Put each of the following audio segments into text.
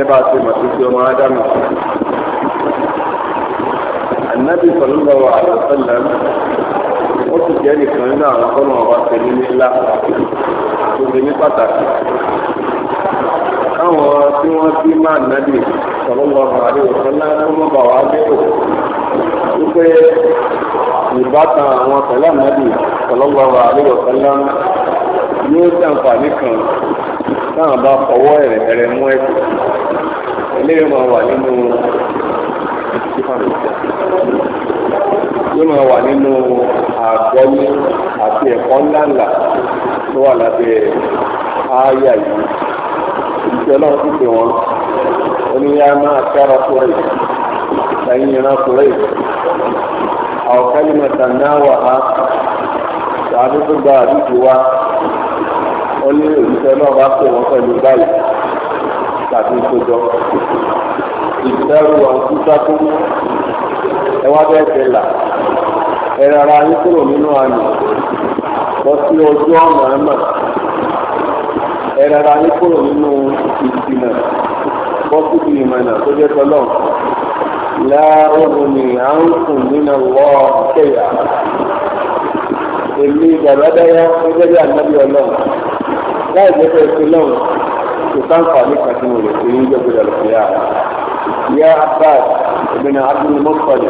gẹ́gẹ́ bá ṣe mọ̀ títí ọmọ ádámù ànábì sallallahu alaihi wasallam ó sì jẹ́ nìkan nínú àwọn tọ́nà ọba tẹ̀lé ní ńlá tó ṣe ní pàtàkì káwọn tí wọ́n bí má ànábì sallallahu alaihi wasallam tó mọ̀ bà wá lérò wípé ìbátan àwọn pẹ̀lú ànábì sallallahu alaihi wasallam yóò ṣàǹfààní kan táwọn bá fọwọ́ ẹ̀rẹ̀ ẹ̀rẹ̀ mú ẹ̀kọ́ eléyìí máa wà nínú yóò máa wà nínú àgbọ́yé àti ẹ̀kọ́ ńláńlá tó wà lábẹ́ ááyà yìí ìṣẹ́ náà ti pè wọ́n oníyá máa kára kúrẹ́ ẹ̀yìn ìran kúrẹ́ àwọn kálí mọ̀tàn náà wà á ṣáájú gba àdúgbò wa wọ́n ní òṣìṣẹ́ náà bá pè wọ́n pẹ̀lú báyìí tàbí ìkójọ ìfẹ́rù ọ̀hún sákó ẹ wá bẹ́ẹ̀ tẹ̀ là ẹ rárá yín kúrò nínú àná lọ sí ojú ọ̀nà ẹ̀mà ẹ rárá yín kúrò nínú ìdìnnà bọ́ síbi ìmọ̀nà tó jẹ́ tọ́lọ̀ láàrúbù ni à ń sùn nínú wọ́ kẹyà èmi ìgbàlódé yẹn gẹ́gẹ́ bí ànábì ọlọ́run láì jẹ́ pé ẹsẹ̀ náà kò sáǹfààní kàtí mo lè fi ń jẹ́gbẹ́ dàlù fún yàrá. Ìyá Abbas ìbìnà Abdul Mọ́sọ̀lì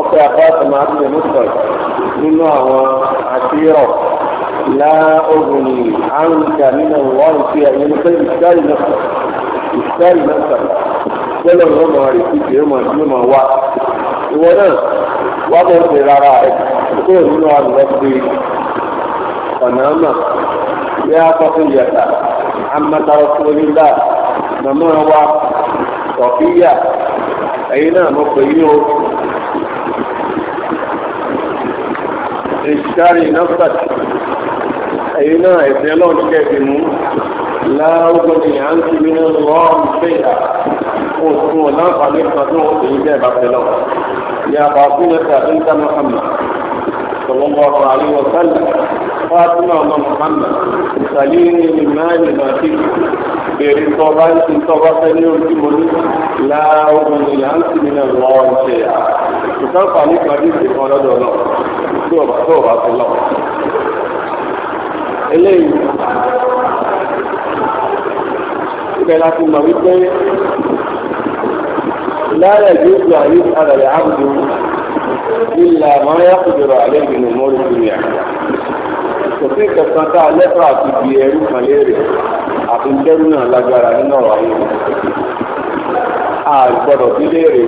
ọkọ̀ Abbas ọmọ Abdul Mọ́sọ̀lì nínú àwọn àṣírọ̀ láògùnì àrùnkà nínú wọ́n ti ẹ̀yìn pé ìṣẹ́rì náà ìṣẹ́rì náà sọ̀rọ̀ tẹ́lẹ̀ ń lọ́mọ rẹ̀ sí kìí mọ̀ sí mọ̀ wá. Ìwọ náà wá bọ̀ ń pè rárá ẹ̀ kúrò nínú àlùfẹ́ ọ̀nà àmà. يا صفية عمة رسول الله ممنوع صفية أين مقيم اشتري نفسك أين يسألون كيف لا أغني عنك من الله شيئا وسوء لا قليل تدعو بإجابة له يا فاطمة بنت محمد صلى الله عليه وسلم فاطمة محمد sàlíìrì ìmáàlì màtí bèrè tọ́ba ń sin tọ́ba fẹ́ ní ojú mo ní láàrú ìyá ń sin nínú ọ̀rọ̀ ṣe à. ìtàn pàmí kan ní ìsìn kan lọ́dọ̀ náà tí ọ̀bà tó ọ̀bà tó lọ. eléyìí ibẹ̀ la mọ̀ wípé lára ìgbésí àyè àlàyé àbùdó ìlà máa yá kùdùrọ̀ àlejò ní mọ́lùmí àgbà kò sí ìkẹsàn tá a lẹ́tọ̀ àti di ẹrú kan léèrè àti ìtẹ́rù náà lágbára nínú ọ̀rọ̀ ayé àgbọ̀dọ̀ sí léèrè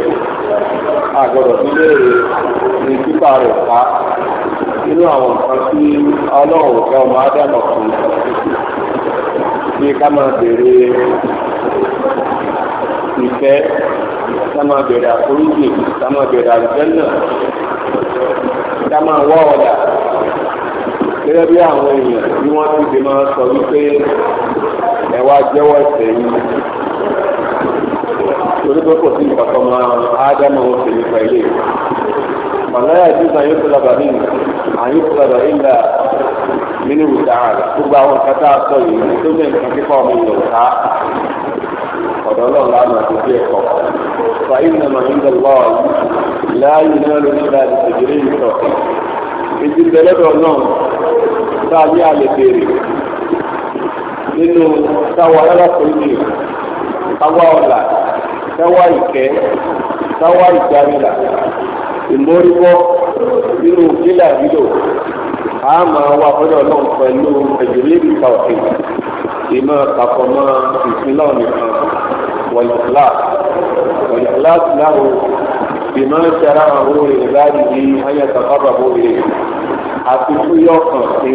àgbọ̀dọ̀ sí léèrè ní pípa rẹ̀ ká nínú àwọn nǹkan tí ọlọ́run ọ̀gá ọmọ ádámọ̀ fún bí ká máa bèrè ìfẹ́ ká máa bèrè àforíjì ká máa bèrè àlùfẹ́ náà ká máa wá ọ̀dà gẹ́gẹ́ bí àwọn èèyàn tí wọ́n ti dè máa sọ wípé ẹ wá jẹ́wọ́ ẹ̀ṣẹ̀ yìí torí pé kò sí nǹkan kan máa ádámọ̀ wọn sì nípa ilé màláyà tí sàn yóò tọ́lá bàbí àyè tọ́lá bàbí ńlá nínú ìdáhà gbogbo àwọn kátà sọ yìí tó ní nǹkan kíkọ́ ọmọ ìlú ká ọ̀dọ́ náà lánàá tó bí ẹ̀kọ́ fàyín nàmà ń dẹ̀ lọ́ọ̀ láàyè náà ló ní láti èyí bẹ̀lẹ́dọ̀ náà tá a ní àlè béèrè nínú táwa alákòóyè táwa ọ̀la táwa ìkẹ́ táwa ìgbàmìlà ìmọ̀rìwọ́ nínú ìlà lílò a máa wá fọ́dọ̀ náà pẹ̀lú ẹ̀jẹ̀lẹ́bì kàwé ìmọ̀ kàfọ́mọ́ ìpínlẹ̀ nìkan wọ̀lùkìlá wọ̀lùkìlá láwo بما شرعه لعباده أن يتقربوا إليه àti fún yọ kàn sí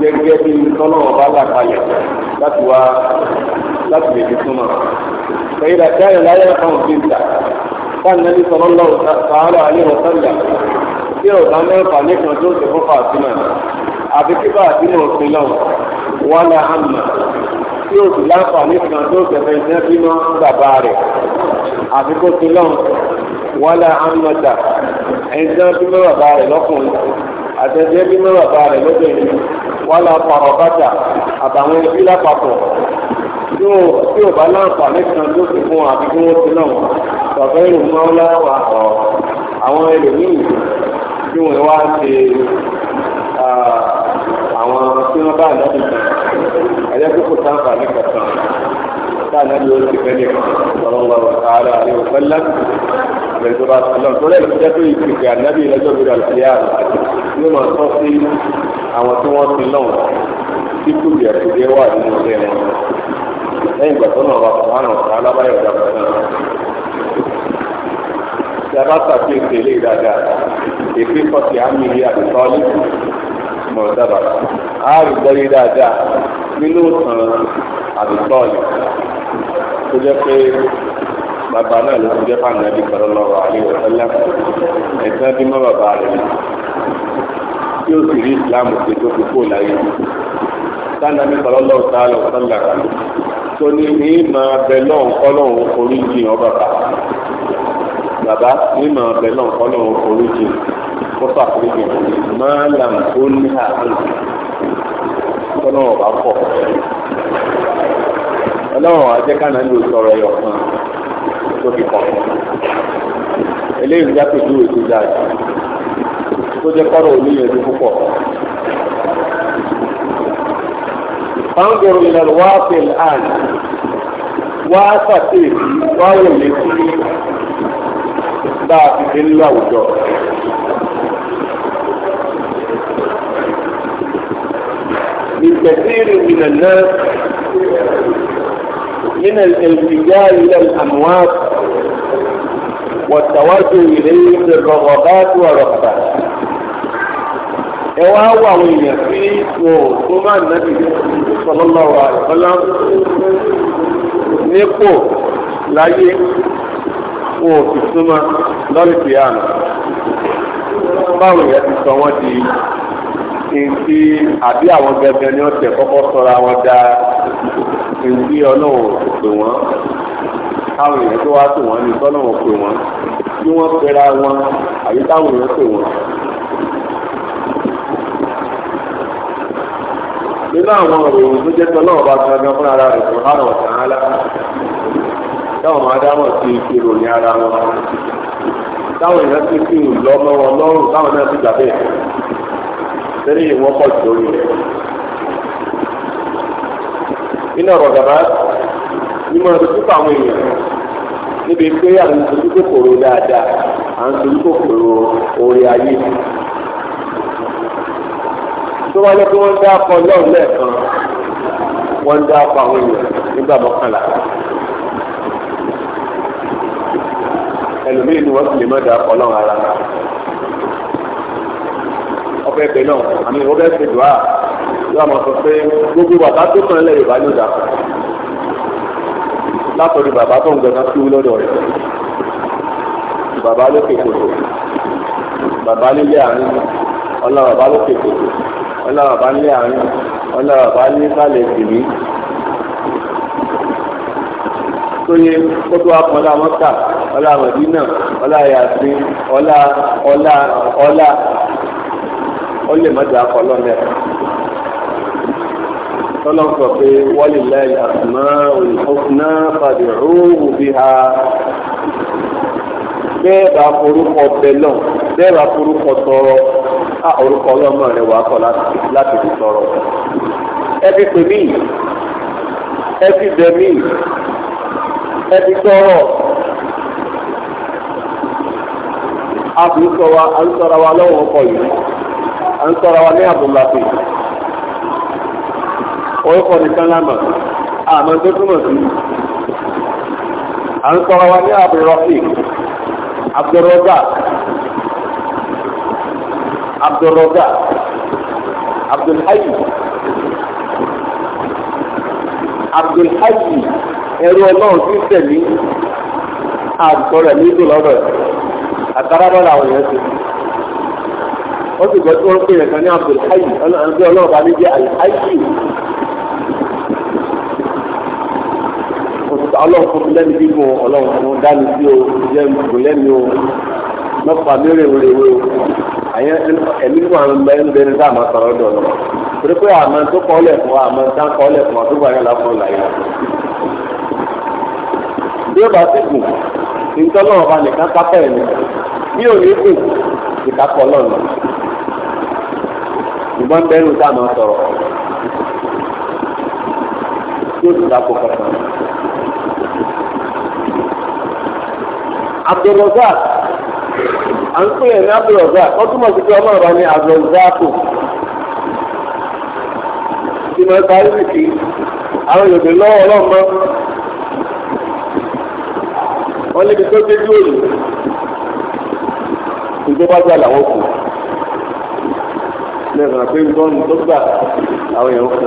gẹ́gẹ́ bí tọ́nà ọba làkàyà láti wá láti lè fi súnmọ́. Ẹ̀yin àti ayọ̀ láyé kan fi ń tà. Báyìí náà ní sọ̀rọ̀ lọ́wọ́ sàárà àlẹ́ ọ̀sánlá. Bí ọ̀sán mẹ́fà nìkan tó ń ṣe fún Fàtínà. Àbí kíkọ́ àtínà òfin náà wà ní àmà. Tí o sì láǹfààní kan tó ṣẹ̀fẹ̀ iṣẹ́ bímọ bàbá rẹ̀. Àbí kó ti náà wà ní àmà tà. Ẹ̀yin tí wọ́n bàbá rẹ̀ lọ́kùnrin àtẹ̀jẹ́ bí mẹ́wàá bá rẹ̀ lọ́dọ̀ yìí wọ́n la pàrọ̀ bàtà àtàwọn ẹbí lápapọ̀ tí o tí o bá láǹfààní kan tó fi fún àbí kí wọ́n ti náà bàbá ìlú máa ń láwà ọ̀ àwọn ẹlòmíì tí wọ́n wá ṣe àwọn tí wọ́n bá àdájú kan ẹ̀yẹ́ tó kò sáǹfààní kankan táà náà ló ti fẹ́ lè kọ́ ọ̀rọ̀ wà wà káàrà àríwọ̀ pẹ́lá àbẹ̀ tó bá sọlọ tó lẹ́nu jẹ́ pé ìpèsè ànábì lọ́jọ́ gbèrò àlùfíà ní mọ̀ tó sí àwọn tí wọ́n ti lọ́wọ́ tí kùdìẹ̀ kùdìẹ̀ wà nínú ilé wọn lẹ́yìn ìgbà tó náà wà fún àrùn ọ̀sán alábáyọ̀ ìjọba náà tí a bá ṣàkíyèsí ilé ìdájà èké kọ́sì àmì ilé àdìsọ́lé mọ̀ dábàá bàbá náà ló ti jẹ́ fáànù nàbí sallallahu alaihi wa sallam ẹ̀sán bí mọ́ bàbá rẹ̀ ni tí ó sì rí ìsìláàmù ṣe tó fi kó láyé sáànà bí sallallahu ta'ala wa sallam tó ní ní máa bẹ lọ́hùn kọ́lọ́hùn oríjì hàn bàbá bàbá ní máa bẹ lọ́hùn kọ́lọ́hùn oríjì kó fàkúrẹ́jì máa làm ó ní àárín kọ́lọ́hùn ọ̀bá pọ̀ ọlọ́run àjẹkánná ló sọ̀rọ̀ ẹ̀yọ̀ kan tó fi kàn eléyìí ń jápèjú ètò ìdájọ́ tó jẹ́ kọ́rọ̀ oníyanjú púpọ̀. fangoro ilẹ̀ wáfẹ̀ àn wá sàkéèsì wáyò létí bá a ti dé nílò àwùjọ. من كثير من الناس من الالتجاء إلى الأموات والتوجه إليهم بالرغبات والرغبات ẹwà wà àwọn èèyàn tí wọn ò tó máa nàbì sallallahu alaihi wasallam nípò láyé wọn ò fi súnmọ́ lọ́rùn tí a nà báwọn èèyàn ti sọ wọ́n di nǹkí àbí àwọn gẹ́gẹ́ ni wọ́n tẹ̀ kọ́kọ́ sọra wọn da nǹkí ọlọ́run pè wọ́n káwọn èèyàn tó wá pè wọ́n ní tọ́lọ̀ wọn pè wọ́n bí wọ́n pera wọn àbí táwọn èèyàn pè wọ́n. nínú àwọn ìròyìn tó jẹ́ tọ́lọ́ ọba gangan fún ara rẹ̀ fún hàn ọ̀sán á táwọn máa dámọ̀ sí ìròyìn ara wọn táwọn èèyàn ti fi ìlọ mọ́ wọn lọ́rùn táwọn náà ti gbà bẹ́ẹ̀ sẹ́ni ìwọ́n pọ̀ jù lórí rẹ̀. iná ọ̀rọ̀ gàbá ìmọ̀ ìdókòkò àwọn èèyàn níbi pé à ń dojú kòkòrò dáadáa à ń dojú kòkòrò orí ayé. tó wáyé pé wọ́n ń dá akọ lọ́ọ̀ lẹ́ẹ̀kan wọ́n ń dá akọ àwọn èèyàn nígbà mọ́kànlá. ẹlòmíì ni wọ́n sì lè má dá akọ lọ́ọ̀ ara ọbẹ̀ ẹgbẹ́ náà àmì ọbẹ̀ ẹgbẹ́ dùá yóò máa sọ pé gbogbo bàbá tó kàn lẹ́yìn ìbálòdà látọ̀dọ̀ bàbá tó ń gbẹ̀dá sí lọ́dọ̀ rẹ̀ bàbá lókè kòtò bàbá nílé àárín ọlá bàbá lókè kòtò ọlá bàbá nílé àárín ọlá bàbá nísàlẹ̀ tìmí. tóye kótó apọ̀lá mọ́tà ọlá mọ̀dínà ọlá yàtí ọlá ọlá ọlá ọlẹ̀ mọ́tà akọ̀lọ́ náà tọ́lọ́n sọ pé wọ́lì lẹ́yìn àtúná òyìnbó pàdé òwò bí ha bẹ́ẹ̀ bá forúkọ bẹ́lọ̀ bẹ́ẹ̀ bá forúkọ tọrọ á orúkọ ọlọ́mọ rẹ̀ wà kọ́ láti fi tọrọ. ẹ fi pè mí ẹ fi bẹ̀ mí ẹ fi tọrọ. a kì í sọ wa à ń sọra wa lọ́wọ́ ọkọ yìí à ń sọra wa ní àbúlá pè é orúkọ nìkan lámà àmọ́ tó túmọ̀ sí à ń sọ̀rọ̀ wa ní abdulrahim abdulroga abdulroga abdulhayi abdulhayi ẹrú ọlọ́run tí ń tẹ̀lé àtọ̀rẹ̀ ní ìlú lọ́dọ̀ àtàràbọ̀ làwọn èèyàn ti ó sì gbọ́ tí wọ́n ń pè yẹn kan ní abdulhayi ọlọ́run bí bá ní jẹ́ alhayi ọlọ́run fún mi lẹ́nu bíbọ̀ ọlọ́run fún dání sí o lẹ́nu kò lẹ́nu o mọ́fà mérèwérèwé o àyẹ ẹ̀mí fún àwọn ọmọ ẹni bẹ́ẹ̀ ní sáà máa sọ̀rọ̀ dọ̀ lọ. torí pé àmọ́ tó kọ́ lẹ̀kùn àmọ́ tá kọ́ lẹ̀kùn àtúgbò àyẹ̀ láfọ̀ láyé. bí ó bá sì kù nítorí ọba nìkan kápẹ́ ẹ̀ bí ò ní kù ìkápọ̀ lọ́nà ìbọn bẹ́ẹ̀ ní sáà máa sọ̀rọ̀ tí ó sì dáko kankan. Abdulrazak à ń pè é ní Abdulrazak wọ́n túmọ̀ sí pé ọmọ ọ̀rọ̀ ni Abdulrazak ti máa ta ìrìkì àwọn yòókè lọ́wọ́ ọlọ́mọ wọ́n níbi tó déjú òyì ìjọba gbà làwọn kù lẹ́nu àpéjọ́ tó gbà àwọn èèyàn kù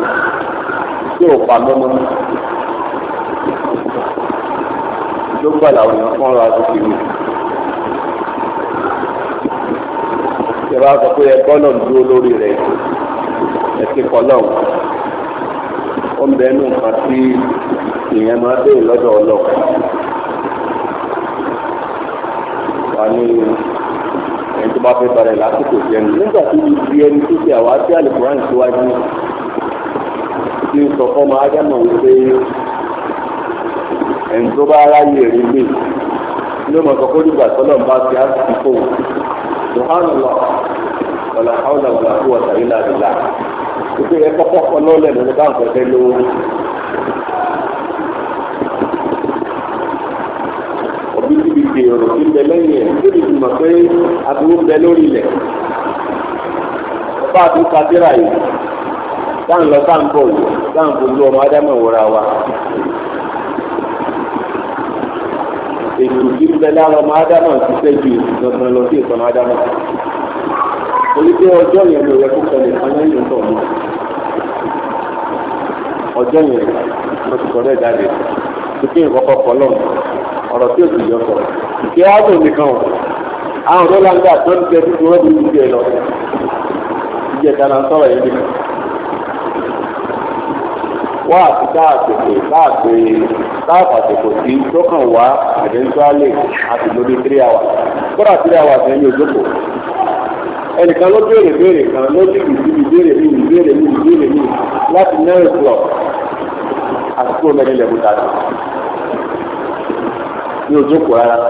tí ò pa lọ́mọ náà. ló gbà làwọn èèyàn fún ọ̀rọ̀ àti kìlú. ìjọba sọ pé ẹgbọ́n náà dúró lórí rẹ̀ ẹ̀sìn kọlọ́ọ̀ ó ń bẹ́ẹ̀ nù nǹkan tí èèyàn máa béèrè lọ́dọ̀ ọlọ́ọ̀ wà ní ẹni tó bá fẹ́ balẹ̀ lásìkò jẹun nígbà tí ibi ẹni tó ṣe àwọn àti àlùkò ráǹtì wájú tí ń sọ fọ́ máa yá mọ̀ wípé ẹni tó bá ráyè rí lè ní ọmọ kan kó dìgbà tọ́lọ̀ bá fi àsìkò fò lọ́hánù lọ wàlà àwọn àwọn àti wọ̀tà yìí láti là wípé ẹ kọ́kọ́ kọ́ lọ́lẹ̀ lọ́dọ̀ bá nǹkan fẹ́ lówó. òbí ti fi dè ọ̀rọ̀ sí bẹ lẹ́yìn ẹ̀ tó lè mọ̀ pé àbúrò bẹ lórí ilẹ̀ ọba àti kàdírà yìí táà ń yìí táà ń bọ̀ lọ́mọ wa ètò tí ń bẹ lára ọmọ ádámà ti fẹ́ ju ètò gangan lọ sí ìtàn ádámà torí pé ọjọ́ yẹn ló yẹ kó ṣẹlẹ̀ kan lẹ́yìn tó ọmọ ọjọ́ yẹn ló ti sọ̀rọ̀ ẹ̀ jáde tuntun ìkọ̀kọ̀ kọ̀ lọ́nà ọ̀rọ̀ tí òsì yọ sọ̀rọ̀ ìṣe áàbò nìkan o àwọn ọ̀dọ́ làǹdà tó ń jẹ tuntun wọ́n ti ń jẹ lọ ìjẹta là ń sọ̀rọ̀ yẹn nìkan wá àti káàkiri káàkiri káàpàtìkò sí tókàn wá àdéńtúálè àti lórí three hours kódà three hours ẹni òjòkó ẹnìkan ló béèrè béèrè kan ló ní ìdíbi béèrè mi ìbéèrè mi ìbéèrè mi láti nine o'clock àti kúrò mẹ́rin lẹ́kùn tàbí ní òjòkó rárá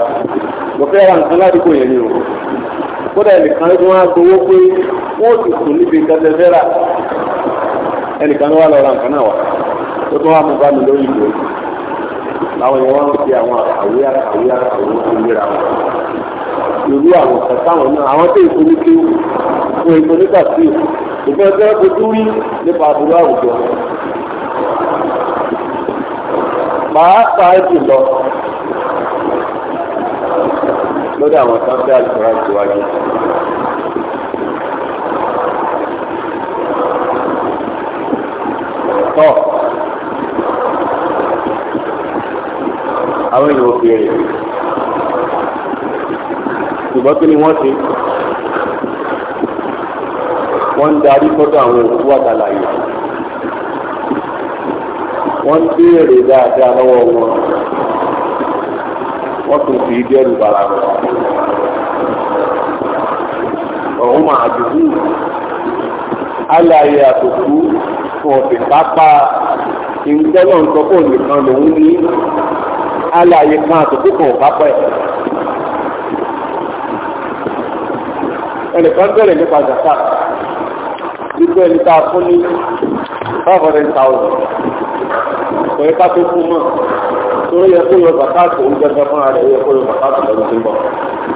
mo fẹ́ ra nǹkan ládùúgbò yẹn ni o kódà ẹnìkan ló wá gbowó pé wọ́n ti sùn níbi ìtẹ́tẹ́ fẹ́ra ẹnìkan ló wá lọ ra nǹkan náà wá ó tún wà mú bá mi lórí ìgbò àwọn èèyàn wọn ń fi àwọn àkàwé àkàwé àkàwé tó léra wọn irú àwọn kan táwọn náà àwọn tó ìfoni tó fún ìfoni tàbí ìfẹ́ tó ń fojú rí nípa àbúrò àwùjọ pàápàá jùlọ lórí àwọn kan fẹ́ àlùfáà ìṣèwádìí. tọ́ àwọn èèyàn ò fèrè ṣùgbọ́n kí ni wọ́n ṣe wọ́n ń darí fọ́tọ̀ àwọn òkú àtàlàyé wọ́n ń béèrè dáadáa lọ́wọ́ wọn wọ́n tún fi dẹ́rù bàrà rẹ̀ ọ̀hún máa dùkú alàyè àtòkú fún ọ̀sìn pápá ìńtẹ́lọ̀ nǹkan kò nìkan lòún ní alààyè kan àtòkù kan ò pápọ̀ ẹ̀. ẹnìkan bẹ̀rẹ̀ nípa zakat wípé ẹni tá a fún ní five hundred thousand pẹ̀lú ká tó fún mọ́ tó yẹ kó yọ zakat òun gẹ́gẹ́ fúnra rẹ̀ yẹ kó yọ zakat lọ́dún tó ń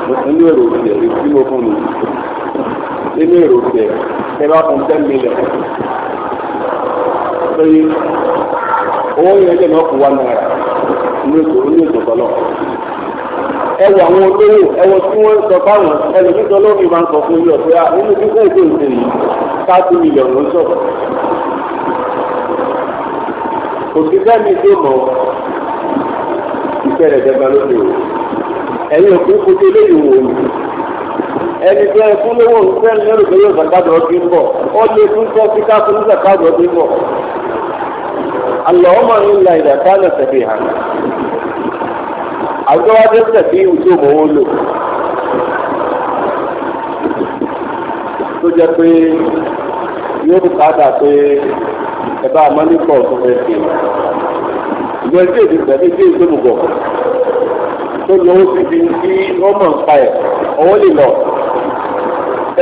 bọ̀ nínú èrò òkè tí mo fún mi nínú èrò òkè ẹ fún ten million lórí owó yẹn jẹ́ náà kó wá náírà ní ètò ní ètò kọlọ. ẹ wo àwọn olówó ẹ wo tí wọ́n ń sọ báwọn ẹlòmíkan lómi máa ń sọ fún yíyọ pé a ah, nínú kíkọ́ èdè òde yìí káàtì mílíọ̀nù ń sọ̀rọ̀. òṣìṣẹ́ mi dé mọ́ ìfẹ́ o ẹ̀yin òkú kojú eléyìí wò ó ẹni tó ẹ fún lówó òun fẹ́ẹ́ lérò pé yóò zàkàdùn ọdún bọ̀ ó lé fún sọ́ọ́ fíkà fún zàkàdùn ọdún bọ̀. Allahumma illa idha kana safihan àgbẹ̀wájú tẹ̀sí ojú òmòwò lò tó jẹ́ pé yóò fi káàdà pé ẹ̀bá amánìkọ̀ tó fẹ́ ṣe ìgbẹ́ tí èdè tẹ̀lé dé ìgbẹ́mùgọ̀ tó lọ́wọ́ síbi tí wọ́n mọ̀ ń pa ẹ̀ ọwọ́ lè lọ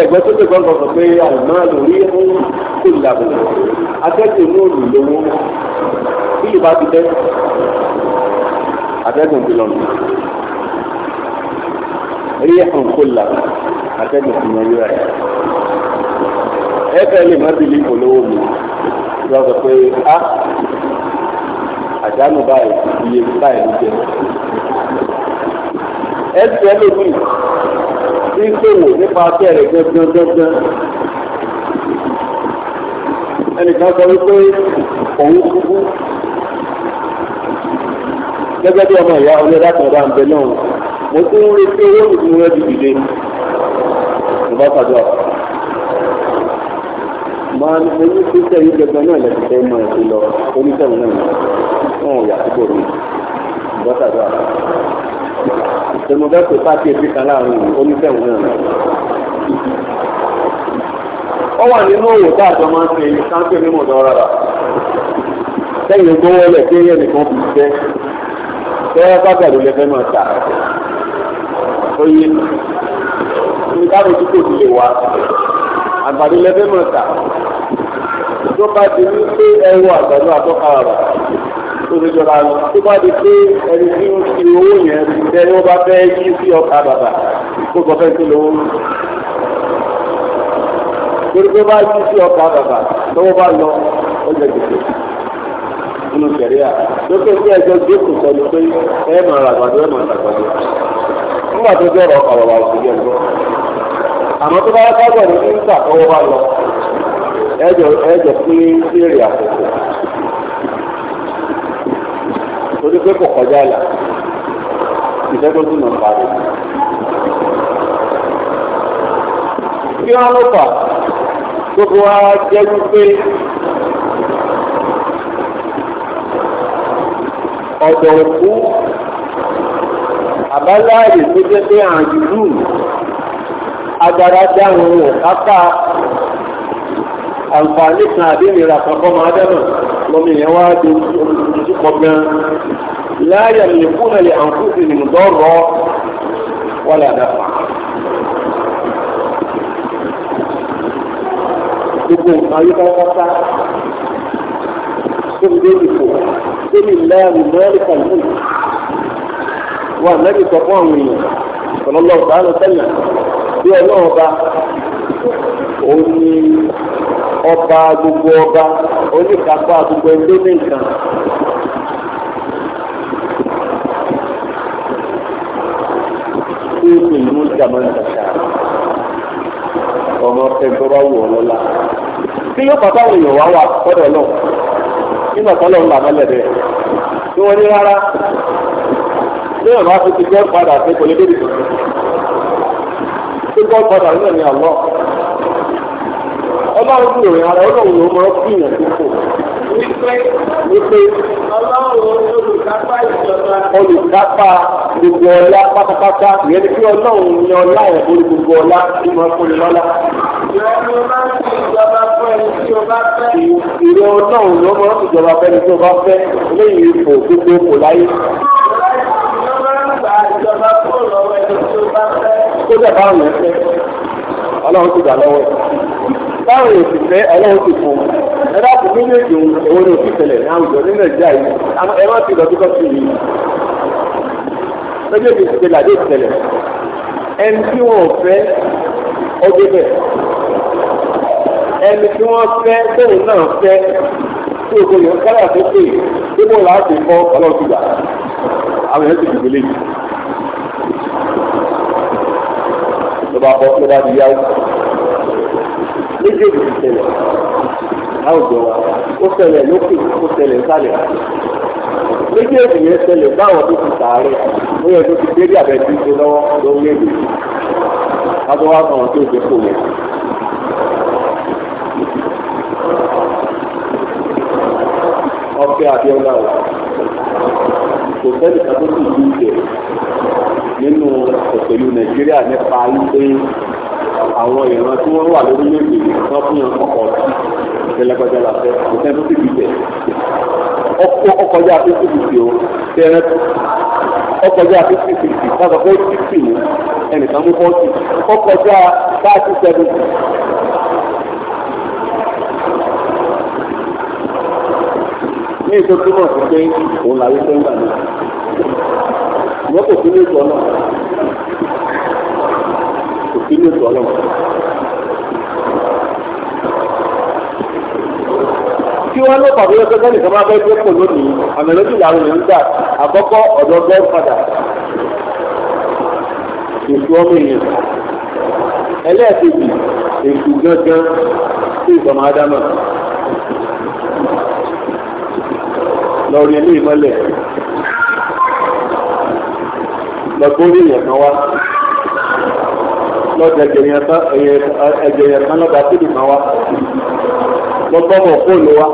ẹgbẹ́ tó tẹ̀ gbọ́ngàn sọ pé àìmọ́ lórí ẹ̀hún kò ìlàbọ̀ atẹ́gùn ní òòlù lówó bí ìbá ti tẹ́ atẹ́gùn ti lọ́nà rí ẹ̀hún kò ìlàbọ̀ atẹ́gùn ti yan yóò rẹ̀ ẹ̀fẹ́ lè má bìlí ìpolówó mi lọ sọ pé a ah, àdánù báyìí iye báyìí ló jẹ ẹ̀sìn ẹlòmíì tí ń ṣòwò nípa tẹ̀rẹ̀ gbẹ̀gbẹ̀ gbẹ̀gbẹ̀. ẹnìkan sọ wípé òun kúkú gẹ́gẹ́ bí ọmọ ìyá ọlọ́dà kan bá ń bẹ náà mo ti ń retí owó mi fún ẹbí dìde mo bá ṣàdúrà máa ní mo ní kí sẹ́yìn gbẹgbẹ náà lẹ́sìn fẹ́ mọ ẹ̀sìn lọ oníṣẹ́wọ̀n náà wọn ò yà síbò mi mo bá ṣàdúrà tẹmọbẹ́tò pàkíyèsí kan láàrin onífẹ̀wọ̀n náà ó wà nínú òwò tá àjọ máa ń ṣe sáńpé mímọ̀ náà rárá sẹ́yìn tó wọlé pé yẹn nìkan kù jẹ́ tẹ́wọ́ pàtàkì lè fẹ́ máa tà ó yé ìdáàbò tí kò sí lè wá àgbàdo lè fẹ́ máa tà tó bá ti ní pé ẹwọ àgbàdo àtọ́ka rà tó lè jọra lọ tó bá di pé ẹni tí ó fi owó yẹn tẹ́ni wọ́n bá fẹ́ yí sí ọkà bàbà kó kọ fẹ́ tó lówó. torí pé bá yí sí ọkà bàbà lọ́wọ́ bá lọ ó jẹ gbèsè nínú sẹ̀ríà lókè tí ẹjọ́ gbé kò sọ ni pé ẹ máa ra àgbàdo ẹ máa ra nígbà tó jọ̀rọ̀ ọkà bàbà ò sí lọ. àmọ́ tó bá yẹ ká bọ̀ ní nígbà tọ́wọ́ bá lọ ẹ̀jọ̀ ẹ̀jọ̀ pé sí èrè àkókò torí pé kò kọjá ìlà ìfẹ́ tó dùn náà parí. kí wọ́n ló fà gbogbo wa jẹ́ wípé ọ̀dọ̀ òkú àbáláàyè tó jẹ́ pé àjùlù agbára dáhùn ohun kápá àǹfààní kan àbí ìnira kan fọ́mọ adẹ́mọ̀ lọ́mọ ìyẹn wá di olùdíjú kọ̀ọ̀kan لا يملكون لأنفسهم ضرا ولا نفعا gbogbo nǹkan yìí bá wọ́pá tó ń dé ìfò tó lè láàrú mẹ́rìkà lónìí wà nẹ́bí sọ fún àwọn èèyàn ọ̀nàlọ́ ọ̀sán sẹ́yìn bí ọlọ́run bá òun ni ọba gbogbo ọba oníkàpá gbogbo ẹgbẹ́ nìkan. ìjà máa ń tàṣà ọmọ ọ̀fẹ́ gbọ́ bá wù ọ́ lọ́la tí yóò pàtó àwọn èèyàn wá wà kọ́dọ̀ náà nígbà tó lọ́n làmọ́ lẹ́dẹ̀ tí wọ́n ní rárá léèyàn bá fi ti gbọ́ padà sí kò lè débi tó ti gbọ́ padà náà ní àlọ́ ọlọ́run ti ròyìn ara ọlọ́run ló máa ń ìyàn tó kù. wípé ọlọ́run olùkápá ìjọba. olùkápá gbogbo ọlá pátápátá ìyẹn ni kí ọlọ́run ní ọlá ẹ̀ borí gbogbo ọlá tí mo fún ni lọ́lá. ìrẹ ọlọ́run ló máa ń fi ìjọba fẹ́ni tí o bá fẹ́ lẹ́yìn ipò gbogbo kò láyé. tó dẹ̀ bá àwọn ẹ̀fẹ́ ọlọ́run ti gbà lọ́wọ́ báwo ni òsì fẹ́ ọlọ́run ti fún un ẹ dákun méjèèjì òun ni òsì tẹ̀lẹ̀ ní àwùjọ nínú ẹ̀já yìí ẹ má ti lọ sí kọ́sì yìí méjèèjì ti tẹ̀lé àdé ìtẹ̀lẹ̀ ẹni tí wọn ò fẹ́ ọdún bẹ̀ ẹni tí wọ́n fẹ́ tóun náà fẹ́ tí o kò yọ káyà tó pè é bó láti kọ́ ọlọ́run ti gbà àwọn èèyàn ti dìbò léyìí. ló bá bọ́ ló bá di yáwó méjèèjì ti tẹ̀lẹ̀ láwùjọ wa ó tẹ̀lẹ̀ lókè ó tẹ̀lẹ̀ sálẹ̀ méjèèjì yẹn ṣẹlẹ̀ báwọn tó ti sàárẹ̀ ó yẹ kó ti dédé àbẹ̀tí ṣe lọ́wọ́ lórílẹ̀-èdè abọ́wá kan tó ṣe kò yẹn. ọ̀fẹ́ abiola o kò sẹ́ni kan tó sì yí ìjẹ́ nínú òṣèlú nàìjíríà nípa wípé àwọn ìran tí wọ́n wà lórílẹ̀-èdè kan fún ọkọ̀ ọ̀tún ìrẹ́lẹ́gbẹ́jọ́ làfẹ́ kò sẹ́ni tó sì yí ìjẹ́ ọkọjá fifty fifty o tẹrẹ ọkọjá fifty fifty kọsọ pé fifty ni ẹnìkan mú forty ọkọjá thirty seventy. ní ètò túmọ̀ sí pé òun làwọn ẹgbẹ́ ń gbà ní. ìwọ́n kò sí ní ètò ọlọ́run kò sí ní ètò ọlọ́run. tí wọ́n ló pàdé ọjọ́ sẹ́ni kan máa fẹ́ gbé pò lónìí ọ̀nà lójú làwọn èèyàn ń gbà àkọ́kọ́ ọ̀dọ́ gbọ́n padà èso ọmọ èèyàn ẹlẹ́ẹ̀kejì èso gángan sí ìtọ́mọ ádámà lọ́ọ̀rì ilé ìmọ́lẹ̀ lọ́gbọ́n èèyàn kan wá lọ́jà ẹ̀jẹ̀yẹ̀ kan lọ́ba síbi kan wá lọ́gbọ́mọ̀ fóònù wa.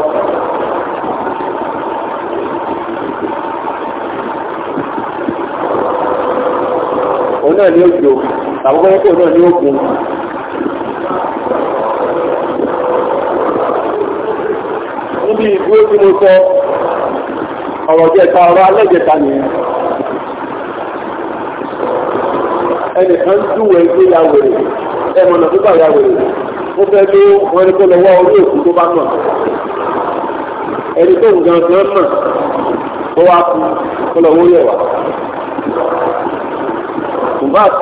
òun náà ní òjò àbúkọ́ yẹn kò náà ní ògùn. níbi ìdúró tí mo sọ ọ̀rọ̀ jẹta ọ̀rọ̀ alẹ́jẹta nìyẹn. ẹnì kan júwèé pé ya wèrè ẹ mọ̀nà tó bá ya wèrè ó fẹ́ tó wọn ní kó lọ wá orí òkú tó bá mọ̀ ẹni tó ń gan gan mọ̀ wá kú kó lọ wó yẹ̀ wá.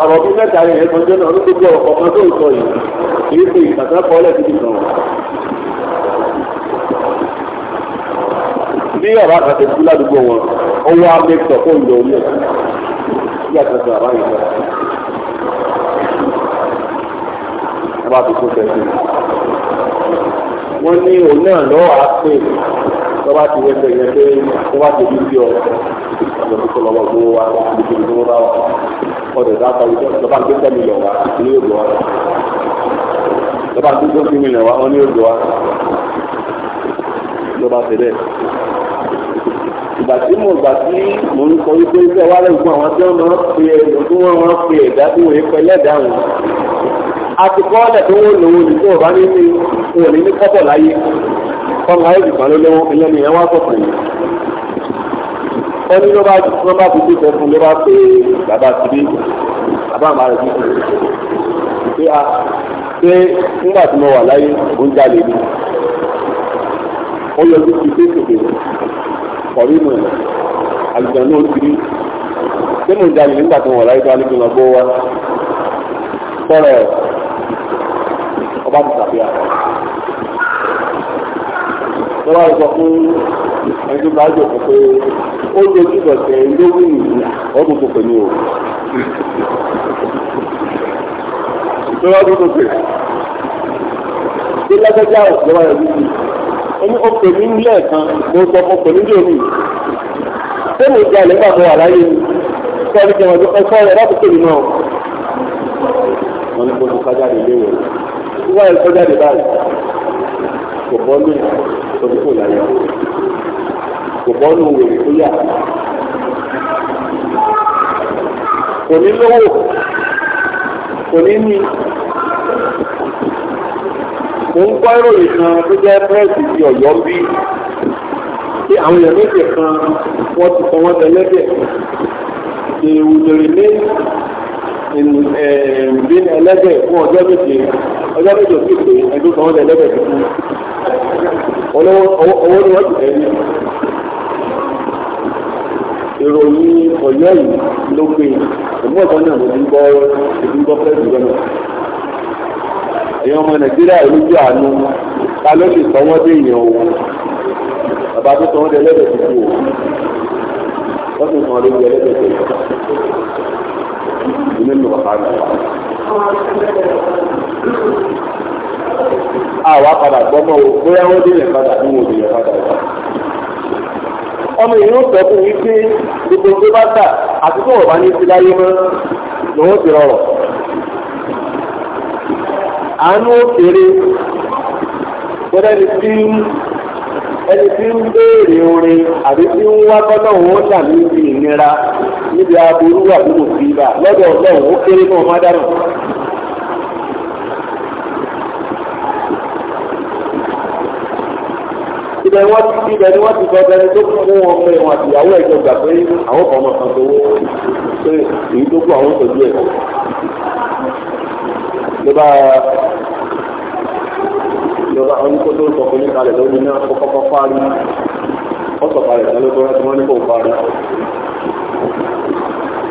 àwọn ọdún mẹ́ta rẹ̀ ẹ̀kan jẹ́ náà ló tó gbọ́ tó ń sọ yìí kì ṣe ìtàkùn ẹ̀kọ́ ọlẹ́bìbì kan. ọ̀rọ̀ àkàtà ìkú ládùúgbò wọn, ó wá mẹ́tọ̀ fóònù lórí ẹ̀. Bí àkàtà àbáyé sọ̀rọ̀. tó bá fi tó tẹ̀sí. wọ́n ní òun náà lọ́wọ́ á pè tó bá ti wẹ́sẹ̀ yẹn pé tó bá ti rí bí ọ ọ̀dọ̀ tó lọ́wọ́ gbowó wa ibi tó gbowó bá wà ọ̀dọ̀ tó bá ti tó bá ti tẹ́ mi lọ̀ wá ní òdò wa tó bá ti tó fi mi lọ̀ wá ní òdò wa ló bá tẹ̀lé ìgbà tí mo gbà tí mo ń kọ wípé iṣẹ́ wa lẹ́gbọ́n àwọn tí wọ́n máa ń pe ẹ̀dùn tí wọ́n máa ń pe ẹ̀dá àti kọ́ọ̀lẹ̀ tó wọ́n lòwò ní tó bá ní ní wọ́n ní ní kọ́pọ̀ láyé fọ́n láyé ìgbà ló lọ́wọ́ ilé ni ẹwà pọ̀ pẹ̀lú wọ́n ní ló bá ló bá fi dìbò fún ló bá pe bàbá síbí bàbá àmà rẹ̀ dìbò pé a pé nígbà tí mo wà láyé ó ń jalè ní ó yọ sí ti fésìkè kọ̀rí mọ̀ àlùjọ náà ń kiri pé mo ń jalè nígbà tí mo wà láyé tó wà nígbà tí mo bọ́ wa sọ̀rọ̀ àlàáfíà wọ́n wá sọ fún ẹni bá jòkó pé ó ṣe tí bọ̀sẹ̀ lórí ìlú ọdún tó pè ní o tó lọ́dún tó pè ní lẹ́gbẹ́já òṣèlú ọ̀rẹ́ bíbí ẹni ó pè ní lẹ́ẹ̀kan mo sọ fún pè ní lórí tó lè jẹ́ àlẹ́gbà mo wà láyé mi tó ọdún jẹun ọdún ẹ̀kọ́ rẹ̀ láti pè ní náà wọ́n ní kó tó kájáde léwọ̀ wá ẹ̀kọ́ jáde báyìí kò bọ́ ní ìsọdúnkò láyé kò bọ́ ní òwèrè tó yà kò ní lówó kò ní ní mo ń gbọ́ ìròyìn kan tó jẹ́ pẹ́ẹ́sì ti ọ̀yọ́ bí pé àwọn èèyàn méjì kan wọ́n ti sọ wọ́n tẹ́lẹ́dẹ̀ ṣe òjòrè lé Um, bí ẹlẹ́dẹ̀ fún ọjọ́ méje ọjọ́ méje òsì pé ẹdún kan ọdẹ ẹlẹ́dẹ̀ tuntun owó ni wọ́n ti tẹ̀lé ìròyìn ọ̀yọ́ yìí ló gbé ìmú ọ̀kan náà ló ń gbọ́ ìdí gbọ́ fẹ́ jùlọ náà èèyàn ọmọ nàìjíríà lójú àánú ta ló sì sọ wọ́n dé èèyàn o bàbá tó sọ wọ́n dé ẹlẹ́dẹ̀ tuntun o wọ́n sì sọ wọ́n lójú ẹlẹ́dẹ̀ tuntun nínú ọ̀hánà wa. àwa padà gbọ́mọ o bóyá wọ́n dé yẹn padà bí wọ́n dé yẹn padà wá. ọmọ yìí ń sọ fún mi pé gbogbo tó bá tà àti tó wọ̀ bá ní ti láyé mọ́ lòun ti rọrọ̀. àánú ó gbọ́dọ̀ ní tí ẹni tí ń béèrè orin àbí tí ń wá gbọ́dọ̀ wọn dà níbi ìnira níbi aburú àbí mùsíbà lọ́dọ̀ ọlọ́run ó kéré náà má dárò. ibẹ̀ wọ́n ti ibẹ̀ ni wọ́n ti sọ ẹni tó kún wọn pé wọn àtìyàwó ẹ̀jọ̀ gbà pé àwọn kan máa san owó pé èyí tó kú àwọn tọ́jú ẹ̀ ìjọba àwọn oníkó tó ń sọ fún nípa rẹ̀ lórí náà kọ́kọ́ parí ọ̀sọ̀ parí ìtàn ló tó rántí wọ́n ní kò parí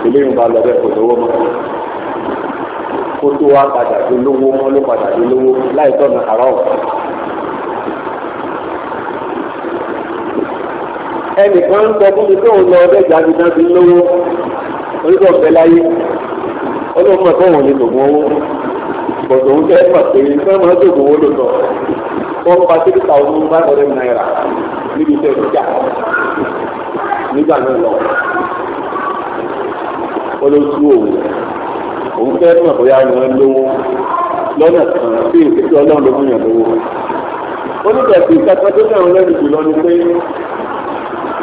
ilé ìgbà lọ́bẹ̀ kò lówó mọ́ kó tó wá padà dé lówó mọ́ ló padà dé lówó láì tọ́nà àárọ̀ ẹnìkan ń sọ fún mi tó ń lọ ọdẹ jáde náà ti lówó oníkọ̀ọ́fẹ́ láyé ọlọ́mọ ẹ̀kọ́ òun ni tòun owó bọ̀dọ̀ ń fẹ́ mọ̀ pé ní sọ́mọ́ tó gbowó ló lọ wọ́n pa three thousand five hundred naira níbi iṣẹ́ ìjà nígbà náà lọ olóṣù òun òun fẹ́ mọ̀ bóyá ni wọ́n lówó lọ́nà kan bí ìpèsè ọlọ́run ló fún yàn lówó onígbàtí ìkàtà tó náà lẹ́nu jùlọ ni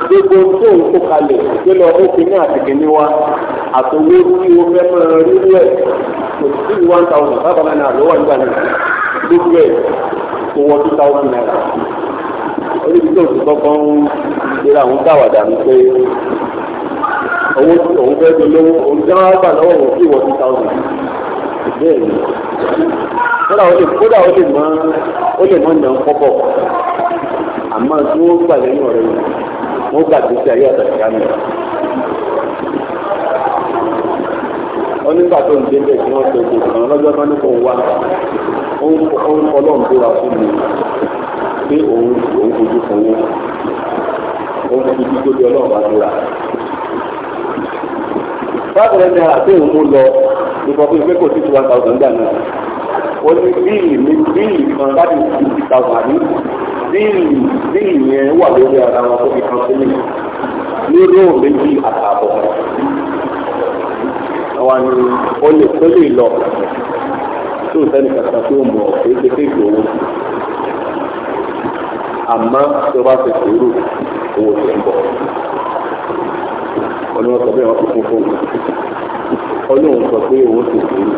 pé gbogbo tó ń kó kalẹ̀ gbé lọ ó fi ní àtìkíní wa àtòwé tí ó fẹ́ máa rí rẹ̀ twenty three one thousand five hundred naira lọ́wọ́ nígbà náà lójú ẹ̀ tó wọ́n two thousand naira oníbi tó ti kọ́kọ́ ń gbéra àwọn káwàdà ní pé owó tí òun fẹ́ di lówó òun jẹ́ máa gbà lọ́wọ́ wọn sí wọ́n two thousand bẹ́ẹ̀ kódà ó lè kódà ó lè mọ ó lè mọ nà ń àmọ́ tí wọ́n gbà lẹ́yìn ọ̀rẹ́ wọn gbà tó ti ayé àtàkùn yá mi. wọ́n nígbà tó ń débẹ̀ tí wọ́n ṣe gbogbo kan lọ́jọ́ bá ní kò wá ó ń kọlọ́ ń bóra fún mi pé òun òun fojú kan wó òun fi bí tóbi ọlọ́run bá bóra. bákan náà àti òun mú lọ nípa fún ìgbẹ́kọ̀ sí two thousand dà náà ó ní bíìlì ní bíìlì kan láti fifty thousand àbí bíìlì bíìlì yẹn wà lórí ara wọn tó fi kan sílẹ̀ ní róò méjì àtààbọ̀ àwa ni ó lè tó lè lọ tó sẹ́ni kankan tó mọ̀ èyí ṣe kéèké owó àmọ́ tó bá ṣe sùúrù owó tó ń bọ̀ ọlọ́run sọ bẹ́ẹ̀ wọ́n fi kún fóun ọlọ́run sọ pé owó ti sùúrù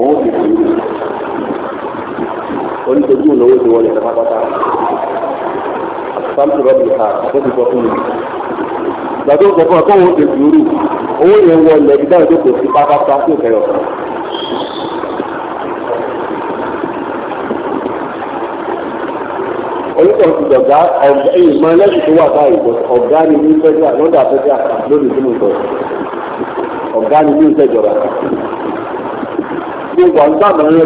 òun ti sùúrù oníṣojú ìnáwó ti wọlé pátápátá àti sáńtì rọ́bì ha ó ti sọ fún mi gbàdó sọ fún ẹ kó wọn owó yẹn wọ ilẹ̀ ìdá ìjókòó sí pátápátá sí ìkẹyọ̀ kan. ti dọ̀gá ẹ̀yìn mọ ẹlẹ́sìn tó wà báyìí bọ̀ ọ̀gá ni ní fẹ́jà lọ́dà fẹ́jà lórí ìdúnnù bọ̀ ọ̀gá ni ní ìfẹ́jọba. bí wọ́n gbà mọ́ ẹ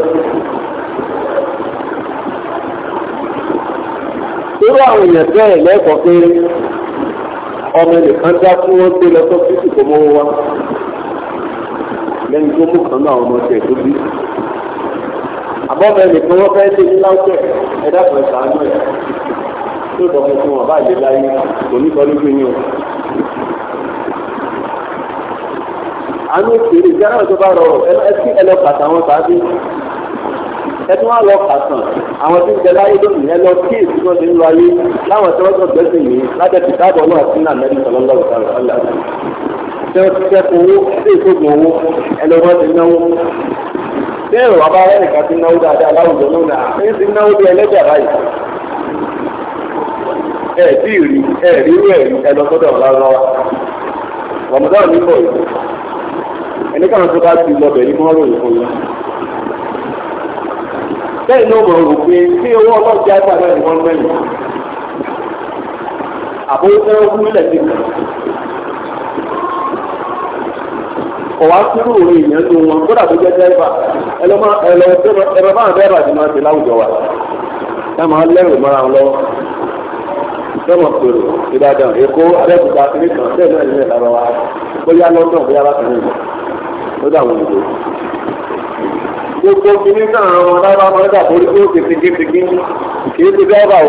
irú àwọn èèyàn bẹ́ẹ̀ lẹ́kọ̀ọ́ pé ọmọ ẹnìkan dá tí wọ́n gbé lọ sọ́fíìsì tó mọ́ wa lẹ́yìn tó mú kan náà ọmọ tẹ̀ tó bí. àbọ̀bẹ̀ nìkan wọ́n fẹ́ẹ́ dé ní láwùjọ ẹ̀dá kan ṣàánú ẹ̀ tó sọ fún wọn bá lè láyé kò ní kọ́ni gbé yín o. àánú ìṣèlú ìjára ìjọba rọrùn ẹ ẹtún wá lọ kàtàn àwọn tí ń jẹ láyé lónìí ẹ lọ kí èsì wọn ti ń lọ ayé láwọn tí wọn tó gbẹsẹ yìí lábẹ tìkáàbọ náà sí náà mẹ́rin sọlọlọ ìtàlọ ọlà tí wọn ti kẹ́kọ̀ọ́ owó sí ìkógun owó ẹ lọ wọn ti náwó bẹ́ẹ̀ wà bá rẹ nìkan ti náwó dáadáa láwùjọ lónìí à ń ti náwó bí ẹlẹ́dẹ̀ báyìí ẹ tí ì rí ẹ rí irú ẹ rí ẹ lọ sọ́dọ̀ ọlọlọwà rọmọdọ ní bọ bẹ́ẹ̀ ló mọ̀ rò pé kí owó ọlọ́jà ẹgbàá náà ni wọ́n mẹ́yìn àbóyún fẹ́ wú ilẹ̀ ti kàn. ọ̀wá sírù òun èèyàn tó wọn kódà tó jẹ́ dẹ́rẹ́bà ẹlọ́mọ ẹ̀rọ bá àwọn dẹ́rẹ́bà ti máa ṣe láwùjọ wa ẹ máa lẹ́rù mọ́ra wọn lọ́wọ́ sọ́mọ̀ pèrò Ìbàdàn Èkó Abẹ́òkúta kiri kan bẹ́ẹ̀ náà nílẹ̀ lára wa bóyá lọ́dọ̀ bóyá bá kàn ní ìlú lọ́dọ̀ àwọn òyìnbó gbogbo kìíní náà àwọn ọmọ náà máa ń dàbórí ó ti fi gígígí kìí ti dẹ́rẹ́bà o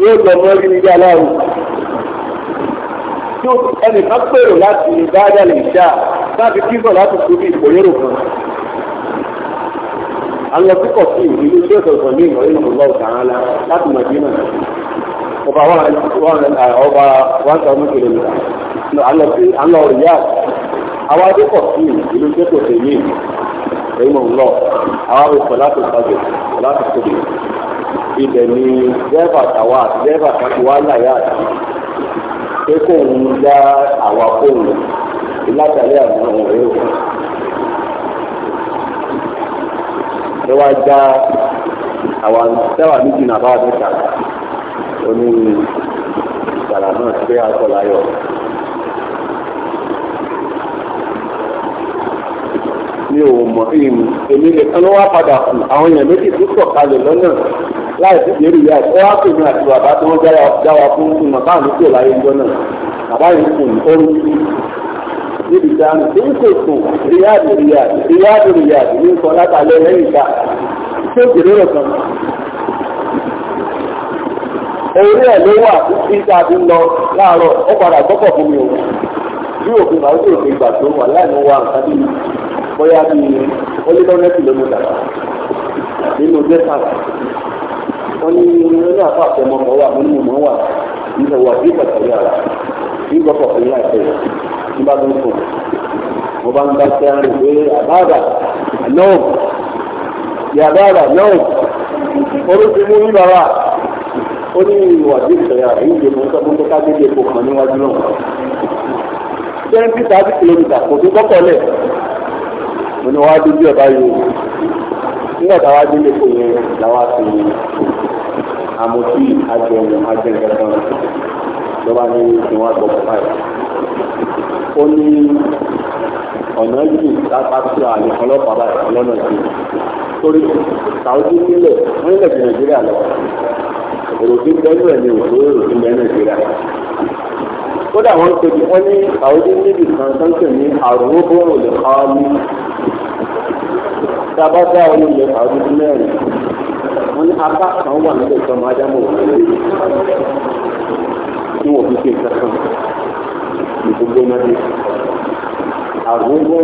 yóò lọ mọ́ rí ní aláwọ̀ tí ẹnì kan pèrò láti dáadáa lè ṣá láti kíkọ̀ láti kú bí ìpòlérò kan àwọn kíkọ̀ sí ìlú tí ọ̀sọ̀ọ̀sọ̀ ní ìmọ̀ ìlú ọ̀gá ọ̀tàrànlá láti mọ̀dínà ọba ọba one thousand kilometre àlọ́ ìyá àwọn adékọ̀ sí ìlú tí ọ̀sọ̀ọ̀sọ̀ ní ìmọ̀ ìmọ̀ ńlọ àwọn ìfọ̀ láti ìfàjọ láti tóbi ibẹ̀ ni dẹ́ẹ̀bà tàwa àti dẹ́ẹ̀bà kàkí wá láyà àti pé kò ń dá àwa fóònù látàrí àwọn ọ̀rẹ́ o. ẹ wá já àwa dẹ́wà méjì náà mi ò mọ̀ ìmù èmi nìkan ló wá padà kù àwọn èèyàn méjì tó sọ̀ kalẹ̀ lọ́nà láì sí ìdérí ẹ̀ wá pèmí àti bàbá tí wọ́n já wa fún ìmọ̀ bá mi kò láyé ńjọ́ náà bàbá yìí ní orí sí níbi tó ń kò sùn nǹkan látàlẹ́ lẹ́yìn tó kéré rẹ̀ kan. orí ẹ̀ ló wà lọ láàárọ̀ bóyá bí ó lé lọ́rẹ́ kìlómítà nínú gẹ́sà wọ́n ní ní àpá àtẹmọ́kọ̀ wà wọ́n ní mọ̀ wà nígbà wà bí pàtàkì àrà bí gbọ́kọ̀ fún láìpẹ́ ní bá tó ń fò mo bá ń bá tẹ́ àrùn pé àbáàbà náà yàbáàbà náà orúkọ mú ní bàbá ó ní ìwà bí ìṣẹ̀yà èyí ń jẹun sọ́kún tó ká dédé epo kan níwájú náà mo ní wàá dójú ẹ̀ báyìí o nígbà táwa délé kò yẹn làwa fi àmọ̀tí àjẹun àjẹǹkankan lọ́ba ní ìwọ̀n àgbọ̀ báyìí ó ní ọ̀nà yìí lápá tí a lè ọlọ́pàá báyìí ọlọ́nà yìí torí sàwọ́dí nílẹ̀ wọ́n nílẹ̀ ti nàìjíríà lọ èrò tí bẹ́ẹ̀ lẹ̀ ni òṣèré èrò tí bẹ́ẹ̀ nàìjíríà kódà wọ́n ń pè ní wọ́n ní sàwọ́dí níbi kan sọ́ńtẹ̀ ní àrùn ó bọ́ọ̀rù lè pa á ní tàbá dá ọyún yẹn àdúgbò mẹ́rin wọ́n ní apá kan wà nílẹ̀ tó máa dámọ̀ wọ́n lé tí wọ́n fi ṣe kankan ìgbógbó náà dé àgbógbó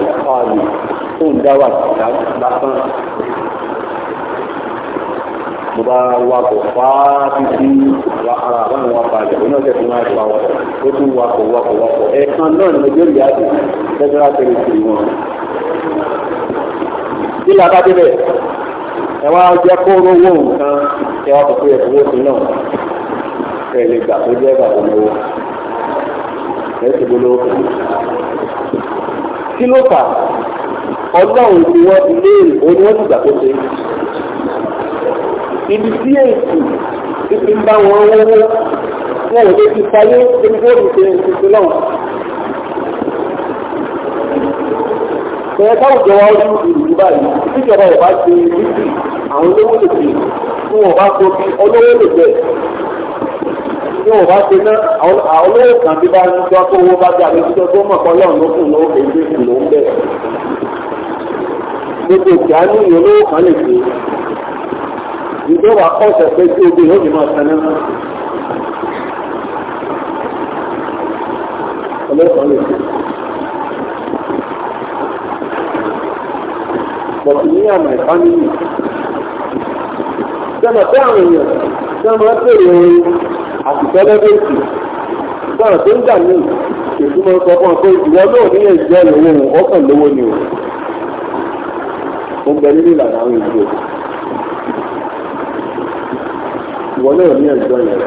àlùfáàlù tó ń dá wà lásán mo bá wakọ̀ fáá títí wa ara àbáwọn wakọ̀ àjẹ̀wò náà tẹ̀sí máa fa wakọ̀ ó tún wakọ̀ wakọ̀ wakọ̀ ẹ̀ẹ̀kan náà ni mo ìyá àti tẹ́tẹ́rà tẹ̀lé sí wọn nílà bá débẹ̀ ẹ wá jẹ́ kó rówó nǹkan ẹ wá pèpè ẹ̀ fowó sí náà ẹ lè gbà tó jẹ́ bàbá lówó ẹ sì bó lówó kàn. kí ló fà ọlọ́run tí wọ́n ti léèrè òun wọ́n ti gbà tó ṣe. ibi tí èsì ti fi ń bá wọn wọ́wọ́ wọn ò lè fi fayé débi tó ti ṣe ìṣiṣẹ́ náà. yẹn káwùjọ wa ojú ìlú báyìí ìdíjọba ìbá ṣe wíìlì àwọn olówó lè ṣe tí wọn bá so bí olówó lè bẹ tí wọn bá ṣe náà àwọn olówó kan ti bá ń gbọ́ tó owó bá jà lójú tó mọ̀ kọ́ lọ́run ló kùn lówó èdè kùn ló ń bẹ̀. gbogbo ìjà ní ìyẹn olówó kan lè ṣe ìjọba kọ́sẹ̀ pé tí ojú yóò ní máa tẹ̀lé náà. olówó kan lè ṣe. bọ̀t ní àmà ìfánilì. sọ̀nà pé àwọn èèyàn tí wọ́n máa ń bèrè àtìkọ́ lẹ́bẹ̀ẹ́sì sọ̀nà tó ń gbà ní ètò sọ fún ọ pé náà ní ẹ̀jẹ̀ lówó òun ọkàn lówó ni o. ó bẹ nínú ìlànà àwọn ìlú ìwọ náà ní ẹ̀jẹ̀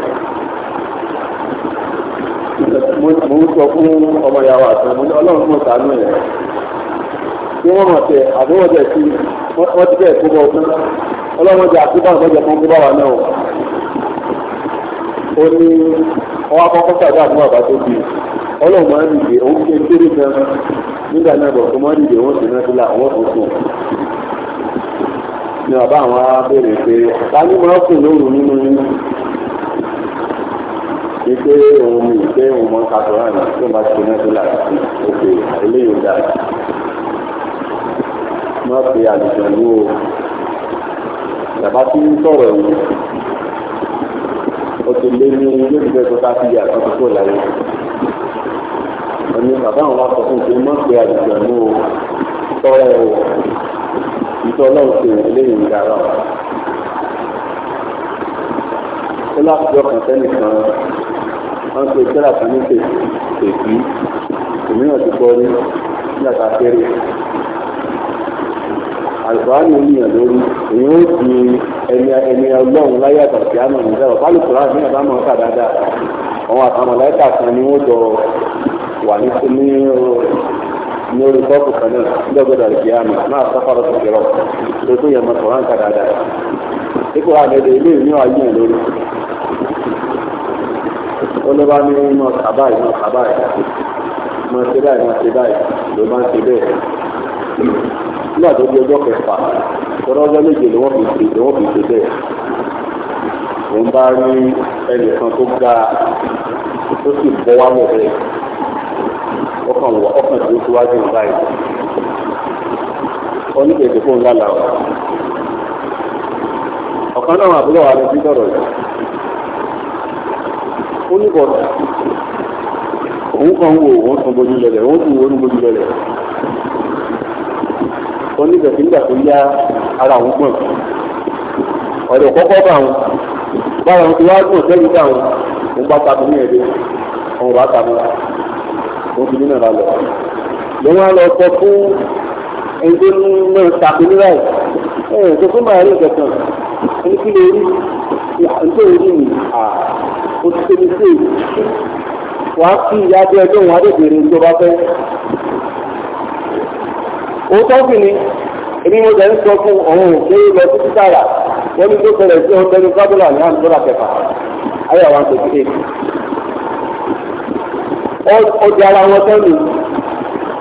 yẹn mo sọ fún ọmọ ìyàwó àti ọmọ ọlọ́run fún ọ̀tá náà tí wọ́n mọ̀ tẹ̀ àbí wọ́n tẹ̀ sí wọ́n ti bẹ́ẹ̀ kó bọ̀ fún ọlọ́run jẹ́ àkóbá ìgbọ́jọ fún kóbá wa náà ó ní ọwọ́ akọ́kọ́ sàdá àbúrò àbá tó di ọlọ́run máa ń dìde òun ṣe ń kéré gan nígbà náà bọ̀ fún máa ń dìde òun sì náà sílá àwọn tó sùn ni bàbá àwọn abẹ́rẹ́ pé ta ni máa ń sùn lóru nínú nínú ní pé òun ní ìgbé òun mọ́ kàtó náà ní tó máa ṣe náà sílá òkè eléyìí dáa má pe àlùjọ̀nú o bàbá tí ń sọ̀rọ̀ ẹ̀wọ̀n ó ti lé ní ilé-ìgbẹ́ tó bá ti yà tó ti kó láyé ẹni bàbá àwọn akọ fún pé má pe àlùjọ̀nú o sọ̀rọ̀ ẹ̀wọ̀n ìtọ́ ọlọ́run ṣe eléyìí ń dára ó láwùjọ kan sẹ́nìkan wọ́n pe sẹ́là kan ní tètè èkì òmíràn ti gbọ́ rí nígbà tá a kéré àlùkòránì ènìyàn lórí èyí ó di ẹni ẹni ọlọ́run láyé àtàkì àmọ̀ nígbà wọ́n àlùkòránì ènìyàn bá mọ̀ ọ́ta dáadáa àwọn àtàwọn ọ̀láìkà kan ni wọ́n jọ wà ní ní ní orí kọ́ọ̀pù kan náà nígbàgbọ́dọ̀ àlùkì àmọ̀ náà sáfàrọ̀ tó kẹrọ tó tó yẹ mọ̀tò ránkà dáadáa ipò àgbẹ̀dẹ̀ ilé ìní àyíyàn lórí ó ní mọ̀ bá ń nígbà tó di ọjọ́ kẹfà tọ́lá ọjọ́ méje ni wọ́n fi ṣe ni wọ́n fi ṣe bẹ́ẹ̀ òun bá rí ẹnìkan tó ga tó sì bọ́ wálẹ̀ bẹ́ẹ̀ ọkàn wà ọkàn tó síwájú báyìí oníkèké fún ńlá làwọn ọ̀kan náà àbúrò wa lọ sí sọ̀rọ̀ yìí ó ní bọ̀dà òun kan wo òun tún bójú lọlẹ̀ òun tún wo òun bójú lọlẹ̀ ó ní ìbẹ̀sẹ̀ nígbà tó yá ara òun gbọ̀n ọ̀dọ̀ kọ́kọ́ bá wọn báwọn ohun tí wọ́n á gbọ̀n sẹ́yìn bá wọn òun bá ta bíi ẹ̀dẹ́ òun bá ta bíi òun ti nínú ìlànà ló wọn lọ sọ fún ẹgbẹ́ náà tàbí nílá ẹ̀ ẹ̀ sọ fún màá rí ẹni kí lè rí ìhàǹtó orí mi ó ti tẹ́lẹ̀ sí èyí wàá kí ìyá bí ẹjọ́ wọn á dẹ̀ bèrè ìjọba fẹ́ òótọ́ sì ni èmi mo jẹ́ ń sọ fún ọ̀hún ṣé lọ sí títàrà wọ́n ní tó ṣẹlẹ̀ sí ọ̀tẹ́ni fábúlà ní àǹtọ́là kẹfà ayé àwọn àtòkí èdè ọjà ara wọn tán ni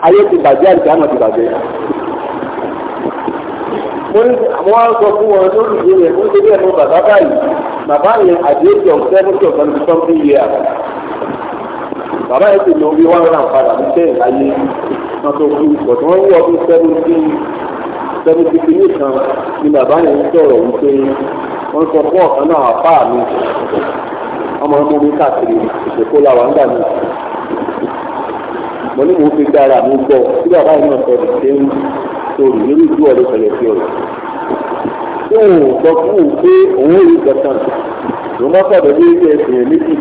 ayé ti bàjẹ́ àti àmọ̀ ti bàjẹ́ mo ní àwọn á sọ fún wọn lórí ìwé rẹ̀ fún ṣe bí ẹ̀fọ́ bàbá báyìí bàbá yẹn àdéhùn ọ̀hún seventy of seventy something years bàbá yẹn ti lò bí one round padà ní sẹ́yìn láyé kan tó kú bọ̀dọ̀ wọ́n wú ọdún seventeen seventy three kan ni bàbá yẹn ń sọ̀rọ̀ wípé wọ́n sọ fún ọ̀kan náà apá mi ọmọ ọmọ mi káàkiri ìṣèkó làwọn ń gbà mí mo ní mo fi dára mi gbọ́ tí bàbá yẹn náà sọ ní ṣe ń sọ̀rọ̀ nínú ìlú ọ̀dọ̀ pẹ̀lẹ́ sí ọ̀rọ̀ tí òun sọ fún òun pé òun ò rí kankan ní ilé ẹ̀sìn méjì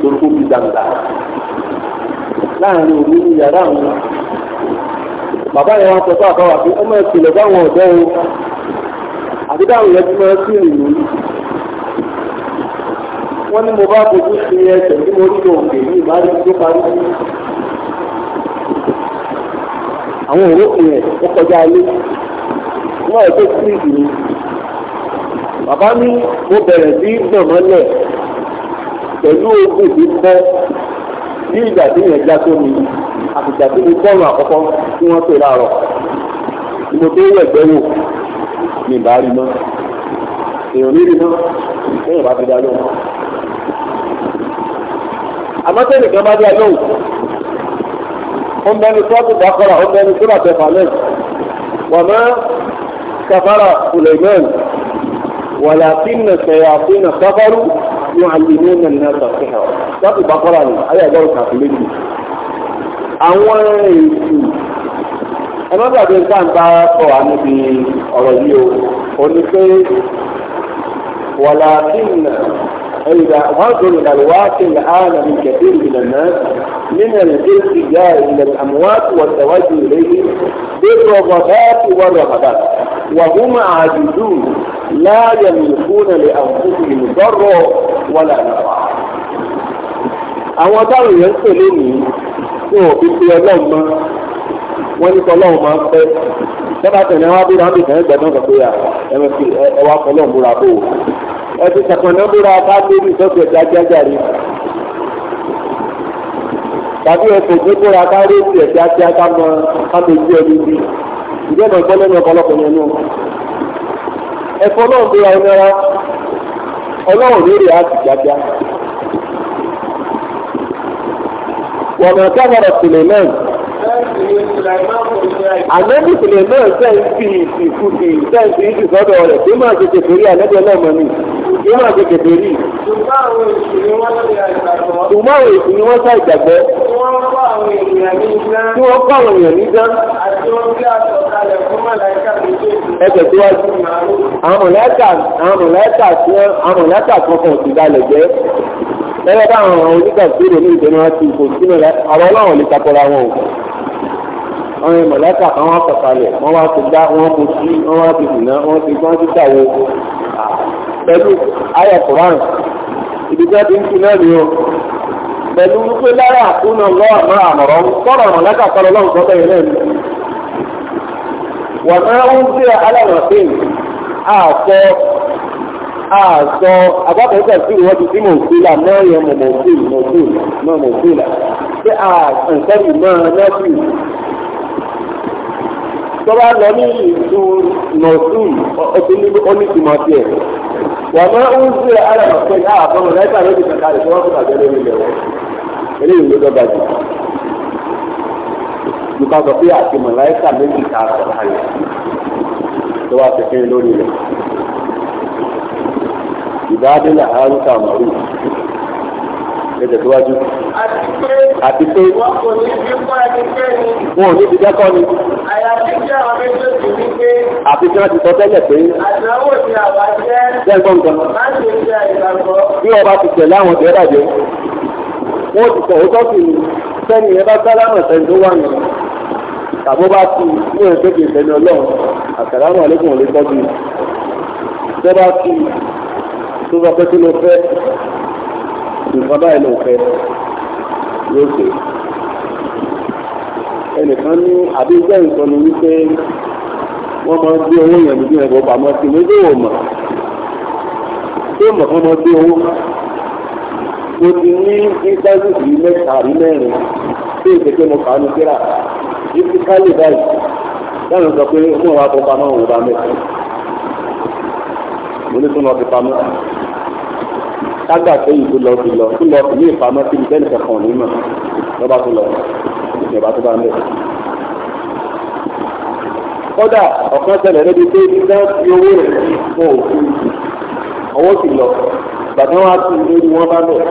bàbá yẹn wọn sọ fún àbáwá pé ọmọ ìpìlẹ̀ báwọn ọ̀dọ́ o àti báwọn yẹn ti máa sí ìlú wọ́n ní mo bá fojú sí ẹsẹ̀ tí mo rí lòkè ní ìbáraẹni tó parí àwọn òrókè yẹn ó kọjá ilé wọ́n ẹ̀ tó sí ìlú bàbá mi mo bẹ̀rẹ̀ sí gbọ̀mọ́lẹ̀ pẹ̀lú ogun ìdíkọ́ ní ìgbà tí yẹn já tó mi àtìgbà tí mo kọ́ ọ̀run àkọ́kọ́ tí wọ́n pè láàárọ̀ tí mo tó yẹ̀ gbẹ́ wò ní ìbárí mọ́ èèyàn ní rí mọ́ lẹ́yìn bá fi dá lóhùn. àmọ́ tẹ́lẹ̀ kan bá dá lóhùn ó ń bẹnu sọ́ọ̀tù bákọ́ra ó ń bẹnu sọ́ọ̀tù àtẹ̀fà náà wà má kàfàrà Suleiman ولكن الشياطين كفروا يعلمون الناس السحر. سورة البقرة آية 53 àwọn èsì ẹ̀mọ́gbàgbé nǹkan bá kọ̀ wá níbi ọ̀rọ̀ yìí o ò ní pé wàlàkìn إذا نظر إلى الواقع الآن من كثير من الناس من الالتجاء إلى الأموات والتوجه إليهم بالرغبات والرغبات وهم عاجزون لا يملكون لأنفسهم ضرا ولا نفعا. أو تعالوا ينسلني tí wọn fi pe ọlọ́run mọ́ wọ́n ní kọ́lọ́run máa ń pẹ́ sábà tẹ̀lé wọn búra bí kàn gbẹ̀dọ̀ kàn pé ẹ̀wọ̀n fi ẹwà kọ́lọ́run búra bò ó ẹtì sàkànnà búra bá débi ìtọ́jú ẹ̀dá jájáre tàbí ẹ̀kọ́ tó búra bá rí ti ẹ̀dá jájá ká mọ kámi ojú ẹni bí ìjọba ìgbọ́lẹ́nu ọ̀pọ̀lọpọ̀ yẹn nù ẹ̀kọ́ náà búra ẹ̀ nára ọlọ́run ní wọ́n mọ̀ kábàrọ̀ Suleiman. Ànábì Suleiman sẹ́ ń fi ìsìnkúti sẹ́ ń fi ìsìnkọ́dọ̀ rẹ̀ tí máa ṣe kèfèrí ànábì ọlọ́mọ ni tí máa ṣe kèfèrí. Ṣùgbọ́n àwọn èsì ni wọ́n sá ìgbàgbọ́. Tí wọ́n kọ́ àwọn èèyàn ní gán. Àti wọn bí àtọ̀kalẹ̀ fún màláìka méjèèjì. Ẹ tẹ̀síwájú. Àwọn mọ̀lẹ́kà àwọn mọ̀lẹ́kà tí wọ́n àwọn mọ̀lẹ́kà kankan ò sì balẹ̀ jẹ́ lọ́wọ́ báwọn àwọn onígbàgbére ní ìdènà ti kò sínú rẹ̀ àwọn ọlọ́run lè takọra wọn o. àwọn mọ̀lẹ́kà kan wọ́n kọ̀kalẹ̀ wọ́n wá ti dá wọ́n kò sí wọ́n wá ti dùnà wọ́n ti wọ́n ti dàwó. pẹ̀lú ayọ̀ koran ìdíjọ́ ti ń tu náà ni o. pẹ̀lú wípé lára àkúnà lọ́wọ́ àmọ́ àmọ̀ràn kọ́rọ̀ mọ̀lẹ́kà kọ́rọ̀ lọ́wọ́ sọ́tọ̀ yẹn náà ni. wọ́n máa ń àṣọ àbábọ̀ọ́sà sí ìwọ́n ti sí mọ̀ọ́sílà náà yẹn mọ̀ mọ̀ọ́sílà mọ̀ọ́sílà náà mọ̀ọ́sílà pé àǹtẹ́bù náà nọ́ọ̀sì tó bá lọ ní ìlú nọ̀ọ̀sì ọ̀túnlẹ̀ oníṣìmọ̀ sí ẹ̀ wà máa ń ṣe ara ọ̀sẹ̀ ní àbọ̀mọ̀ láìpẹ́ àlọ́ ìdìbò kalẹ̀ tó wọ́n fún àjọ lórí ilẹ̀ wọn eléyìí ló dọ́gba jù nípa sọ pé àti mọ̀láìkà méjì ká sọ̀rọ̀ àyè tó wá fi fún lórí ilẹ̀ ìbádẹ́là àrùkà màrú ẹ̀jẹ̀ tó wájú. àti pé wọn kò ní bí fún ẹnikẹ́ni. wọn ò ní ti dẹ́kọ́ ni. àyàfi kí àwọn méjèèjì ní pé. àfi kí wọ́n ti sọ tẹ́lẹ̀ pé. àdánwò ni àwa jẹ́. jẹ́ gbọ̀ngàn. má ṣe ṣe àìgbàgbọ́. bí ọba ti tẹ̀lé àwọn ọ̀dọ́ dàjẹ́. wọ́n ti sọ̀rọ̀ tó sì sẹ́ni ẹ bá sálámà sẹ́ni tó wà nù. tàbó bá ti ní ẹ̀ẹ́dẹ́gbẹ̀ẹ́ sẹ́ni ọlọ́run àkàrà àwọn àlékún ò tó sọ pé kí ló fẹ́ nǹkan báyìí ló fẹ́ lóṣè ẹnìkan ní àbí ìgbẹ́ nǹkan ni wípé wọ́n máa ń gbé owó yẹn lójú ẹ̀kọ́ pamọ́ sí mi yóò mọ̀ tó mọ̀ fún ọmọ gbé owó mo ti ní íńtánẹ́ẹ̀tì yìí mẹ́ta àbí mẹ́rin tó ìpèsè mo kà á ní kíra yìí kálí báyìí dáhùn sọ pé mo wà á pamọ́ òun bá mẹ́ta mo ní tó lọ fi pamọ́ kágbà pé ìlú lọ sí lọ sí lọ sí ilé ìpamọ́ síbi tẹ́lẹ̀ kankan ní mọ̀ lọ́ba tó lọ ìjọba tó bá ń bẹ̀. kódà ọ̀kan tẹ̀lẹ̀ lẹ́bi pé iṣẹ́ fi owó rẹ̀ fún òfin ọwọ́ sì lọ gbàtà wọn á tún lórí wọn bá bẹ̀.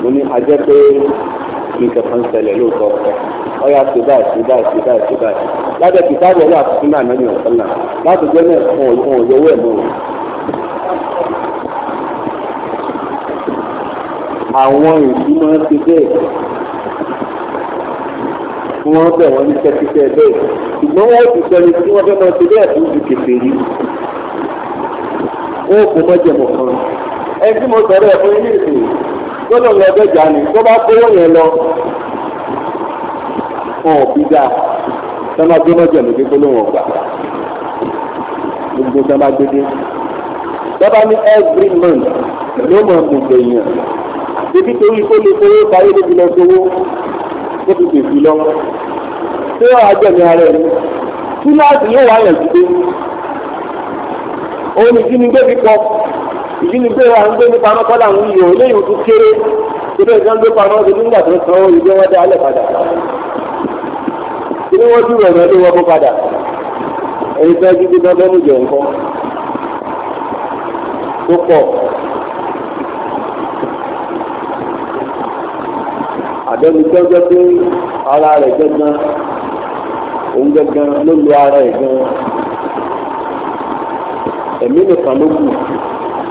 mo ní ajẹ́ pé nǹkan kan ṣẹlẹ̀ lóòótọ́ ọyà ṣe báyìí ṣe báyìí ṣe báyìí ṣe báyìí lábẹ́ kìtàbí ọlọ́ àtúntún náà náà ní ọ̀sán náà láti jẹ́ náà fún ọ̀yọ́wọ́ ẹ̀ mọ́ àwọn èsì máa ń ṣe bẹ́ẹ̀ wọ́n bẹ̀ wọ́n ní tẹ́títẹ́ bẹ́ẹ̀ ṣùgbọ́n wọ́n ti sọ ní tí wọ́n fẹ́ máa ṣe bẹ́ẹ̀ fún ju kèfè rí wọ́n kò mọ́ jẹ̀mọ̀ kan ẹni tí mo sọ̀rọ̀ ẹ̀ fún yín nìsín gbọ́dọ̀ lọ bẹ́jà ni tó bá kó yẹn lọ fún òbí dáa tó máa gbé mọ́jẹ̀mú dé gbólóhùn ọ̀gbà gbogbo tó máa gbé dé tó bá ní every month ló mọ̀ gbogbo èèyàn débi torí kó lè fowó parí débi lọ sówó ó ti tèsí lọ ṣé wàá jẹ̀mí ara ẹni kíláàsì yóò wá yàn jíde òun ni ìjínigbé fi kọ ìjínigbé wa ń gbé nípa mọ́kànlá ń yọ eléyìí ó tún kéré ìbẹ́ ìjọ ń gbé pamọ́ ọdún nígbà tó san owó ìjọ wọn dá alẹ́ padà kí ni wọ́n dúró ọ̀nà ilé wọn kó padà ẹni tó ẹjú gbígbọ́n mú jẹ nǹkan tó pọ̀. àbẹ́ni gbọ́jọ́ pé ara rẹ̀ gẹ́gán òun gẹ́gán ló lo ara ẹ̀ gan ẹ̀mí nìkan ló kù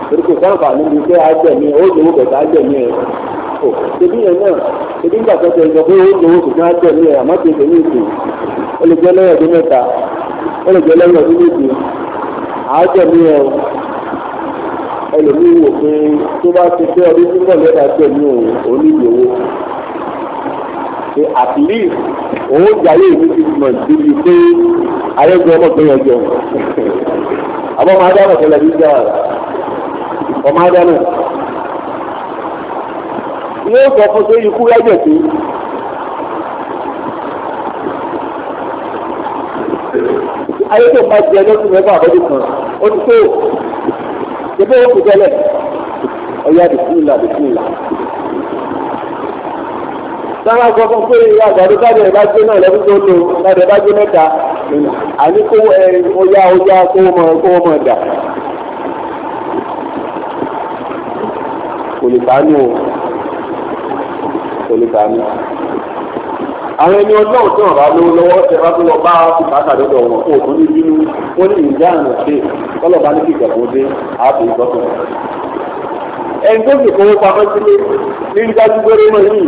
torí kò sáǹfà níbi pé ajẹ̀mí ó lówó bẹ̀tẹ̀ ajẹ̀mí ẹ̀ kò ṣebí yẹn náà ṣebí ń gbàgbọ́ sọ ìjọba ó lówó ṣùgbọ́n ajẹ̀mí ẹ̀ àmọ́ kìí tẹ̀lé ìsìn ó lè jẹ́ lẹ́yìn ọdún mẹ́ta ó lè jẹ́ lẹ́yìn ọdún méje ajẹ̀mí ẹ̀ o wò pé tó bá ti fẹ́ ọdún tí kò lẹ́ta tẹ̀lé òun òun níbi owó pé at least òun ó jayé ìlú six months bíbi pé ayégun ọmọbìnrin ọjọ́ àbọ̀ máa dáná tẹ́lẹ̀ bí jẹ́ àrà ọmọ adáná ni ó sọ fún pé ikú yájẹ̀ sí. ayé tó bá jẹ lọ́sùn mẹ́fà ọdún kan ó ti tó ṣe bó kù tẹ́lẹ̀ ọ̀yá dìkúlà dìkúlà sáwọn akọkọ pé ìyá àgbàdo káàdì ẹ̀bá gbé náà lọ́dún tó lò káàdì ẹ̀bá gbé mẹ́ta àní kó ọya ọya kó mọ kó mọ dà kò lè sànú o kò lè sànú. àwọn ẹni ọjọ́ òtún ọ̀rá ló lọ́wọ́ ṣe wá tó lọ bá bùkátà lọ́dọ̀ wọn kó òtún ní bínú ó ní ìjà àrùn ṣe kọ́lọ̀ bá ní kí ìjàpọ̀ dé ààbò ìgbọ́sọ̀ ẹni tó sì kówó pamọ́ sílé ní dájú gbére mọ́ yìí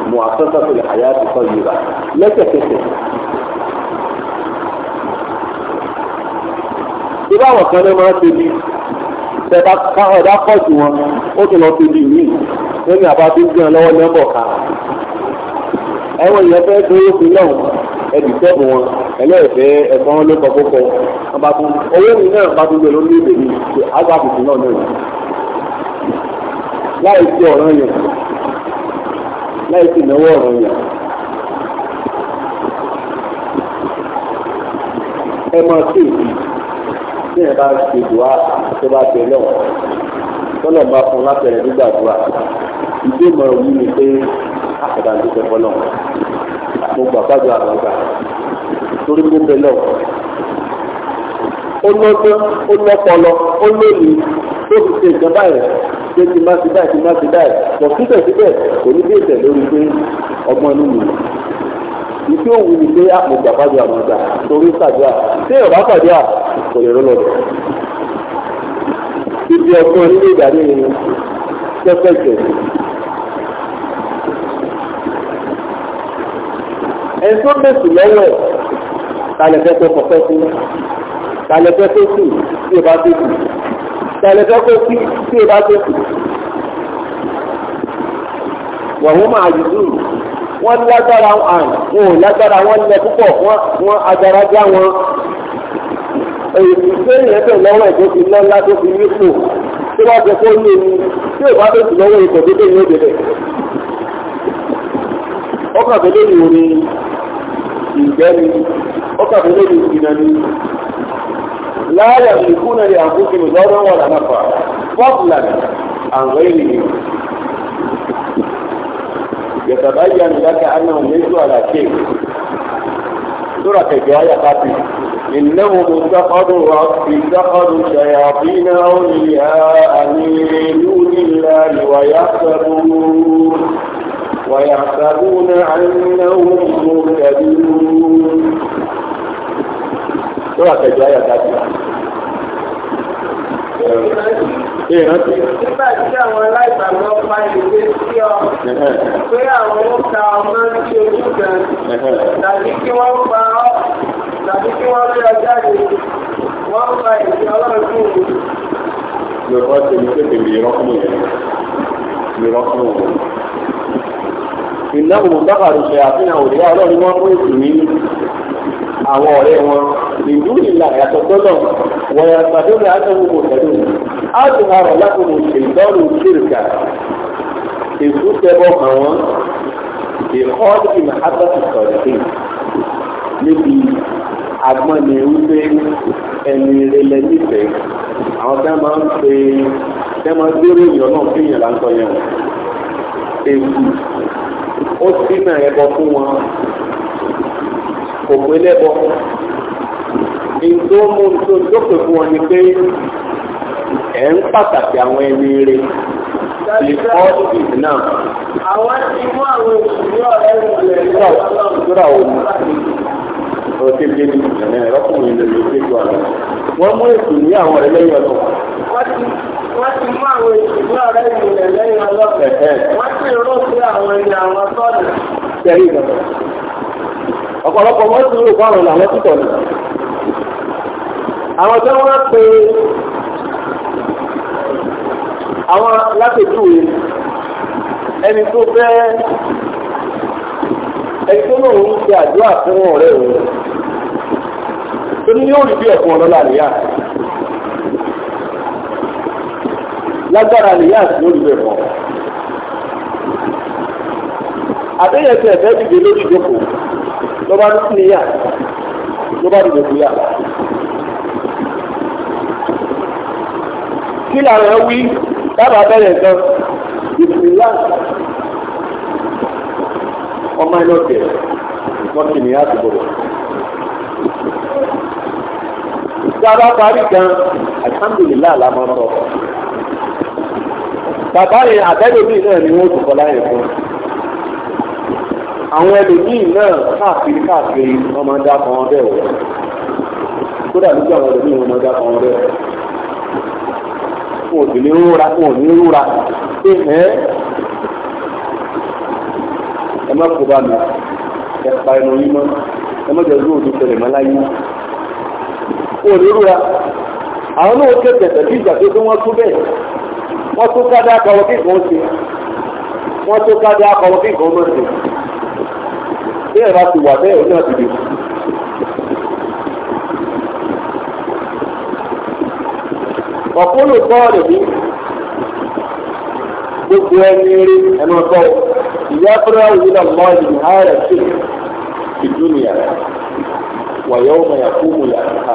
mu'assasatu al-hayati tayyibah lẹ́sẹ̀kẹsẹ̀. tí báwọn kan ló máa ń tóbi tẹ́ta káwọn ẹ̀dá pọ̀ jù wọn ó tún lọ tóbi mí lórí àbá tó gbé wọn lọ́wọ́ nọ́mbọ̀ kan. ẹ̀wọ̀n ìyẹn fẹ́ tó yóò fi lọ́wọ́ ẹbí sẹ́ẹ̀bù wọn ẹlẹ́ẹ̀fẹ́ ẹ̀fọn ló kọ kókó ọba tó owó mi náà bá tó gbé lórí èdè mi àgbà tuntun náà náà láì sí ọ̀ràn yẹn láì sì náwó ọ̀rọ̀ yàn. ẹ máa sí ìdí tí ẹ bá ṣe dùá tó bá tẹ lọ́wọ́ tọ́lọ̀ bá fún lápẹ̀rẹ̀ nígbà dùá ìdí ìmọ̀ràn yìí ni pé àkàdà ló fẹ́ fọ́lọ́ mo gbà bá dùá àwọn gbà torí mo bẹ lọ́wọ́ ó lọ́gbọ́n ó lọ́pọlọ ó lónìí ó ti ṣe nǹkan báyìí ṣé ti má ti dáì ti má ti dáì pọ̀ síbẹ̀síbẹ̀ kò ní bèèrè lórí pé ọgbọ́n inú mi ìfi òwú ni pé àpò ah, gbàgbàdo àwọn ọjà torí ṣàdúrà ṣé ọ̀bá pàdé à ah, kò lè rọ́ lọ́dọ̀ ibi ọgbọ́n nínú ìgbà ní pẹ́pẹ́tẹ̀ ẹni tó mẹ́sì lọ́wọ́ talẹ̀fẹ́ tó kọ̀fẹ́ sí talẹ̀fẹ́ tó sùn tí o bá tó sùn tẹ̀lẹ́fẹ́ kó kí tí ì bá tó kù. wọ̀hún máa yìí dùn wọ́n lágbára wọn ò lágbára wọn lẹ púpọ̀ wọn agbára já wọn. èyí tó yẹn tẹ̀ lọ́wọ́ ẹ̀ tó fi lọ́lá tó fi yípo tó bá jẹ kó lé ní tí ì tó kù lọ́wọ́ ikọ̀ tó dé òde rẹ̀. ọkọ̀ tó dé ní ìgbẹ́ ni ọkọ̀ tó dé ìgbìnà ni. لا يملكون لأنفسهم ضرا ولا نفعا فضلا عن غيرهم يتبين لك أنهم ليسوا على شيء سورة الجاية قاتل إنهم اتخذوا اتخذوا شياطين أولياء من دون الله ويحسبون ويحسبون أنهم مهتدون tó wà kẹjọ ayà tàbí. Ṣé ìrántí? Nígbà tí àwọn aláìsàgbọ́ pa ìwé sí ọ, pé àwọn ó ta ọmọ sí ojú kan, tàbí kí wọ́n pa ọ́, tàbí kí wọ́n lé ọ jáde, wọ́n pa ìwé ọlọ́run sí òun. Lọ́kọ́ ti ní pé bèbè ìrọ́kùnrin yẹn. Ìrọ́kùnrin òun ìnáwó bákàrù ṣe àfihàn òdìwá ọlọ́run wọn fún ìsìn ní àwọn ọ̀rẹ́ wọn ìlú ìlà ìyàtọ̀ gbọ́dọ̀ wọ́n yà pàdé ní àtẹ̀wò pẹ̀lú àtùhàrọ̀ lákòókò ìdọ́rù ṣìrìkà èkú tẹ́bọ̀ hàn wọ́n ìkọ́ọ̀dù ìmọ̀ àtàkù sọ̀rọ̀ sí níbi agbọ́n ni wípé ẹni rẹlẹ̀ nífẹ̀ẹ́ àwọn tẹ́ máa ń pe tẹ́ máa gbérò ìyọ̀ náà fún ìyẹn láńtọ́ yẹn èkú ó sì náà ẹbọ fún wọn òkú ẹlẹ́bọ ìtò mú tó jókòó fún wọn ni pé ẹ̀ ń pàtàkì àwọn ẹni rẹ̀ lè kọ́ ìdí náà. àwọn ti mú àwọn òṣìṣẹ́ ọ̀rẹ́ rẹ̀ lọ́wọ́. ìṣúra òun ọtí bí ní ìṣẹ̀lẹ̀ ọkùnrin lè lè gbégbó àná. wọ́n mú èsì ní àwọn ọ̀rẹ́ lẹ́yìn ọ̀dọ̀. wọ́n ti mú àwọn èsì ní ọ̀rẹ́ ìrìnlẹ̀ lẹ́yìn ọlọ́pẹ̀. wọ́n ti rò sí àwọn ẹni àwọn sọ́ọ̀dù ọ̀pọ̀lọpọ̀ wọ́n ti rò fáwọn làwọn títọ̀ ni àwọn tí wọ́n pe àwọn látẹ̀júwe ẹni tó fẹ́ ẹni tó lòun ń ṣe àdúrà fún ọ̀rẹ́ òun tó ní yóò rí bí ẹ̀kún ọ̀nà làníyà lágbára lèyà sí lórí bẹ̀rẹ̀ wọn àbẹ́yẹsẹ̀ ẹ̀fẹ́ dìde lórí ìjókòó ló bá ní níyà ló bá dìbò fúyà. kí làwọn wí dábàá bẹ̀rẹ̀ gan ìfìlà ọmọ iná bẹ̀rẹ̀ wọ́n kì ní àdúgbò rẹ̀. tí a bá parí gan alhamdulilayi la máa ń sọ. bàbá yẹn àtẹ́lómi náà ni wọ́n tún kọ́ láyé fún un àwọn ẹlòmíì náà káàkiri káàkiri wọn máa ń dá kan bẹ́ẹ̀ wọ̀ kódà àwọn ẹlòmíì wọn máa kan bẹ́ẹ̀ wọn ò sì ní rúra wọn ní rúra ṣé ẹ ẹ má kó bá mi ẹ pa ẹnu yín mọ́ ẹ má jẹ́ ojú òdu tẹ̀lé mọ́ láyé wọn ní rúra àwọn náà kẹ̀kẹ́ tẹ̀lé ìjà tó wọ́n tún bẹ́ẹ̀ wọ́n tún ká dá akọ̀wọ́ kí nǹkan ṣe wọ́n tún ká dá akọ̀wọ́ kí nǹkan ṣe bí ẹ̀ bá ti wà bẹ́ẹ̀ ó náà ti dè. ọ̀pọ̀lọpọ̀ bọ́ọ̀lù mi gbogbo ẹni rí ẹnu ọ̀tọ̀ ìyá fúnra òyìnbó mọ́ọ̀lù ní ààrẹ sí ìdúnìyà wàyọ̀ ọmọ yàtọ̀ ọmọ yàtọ̀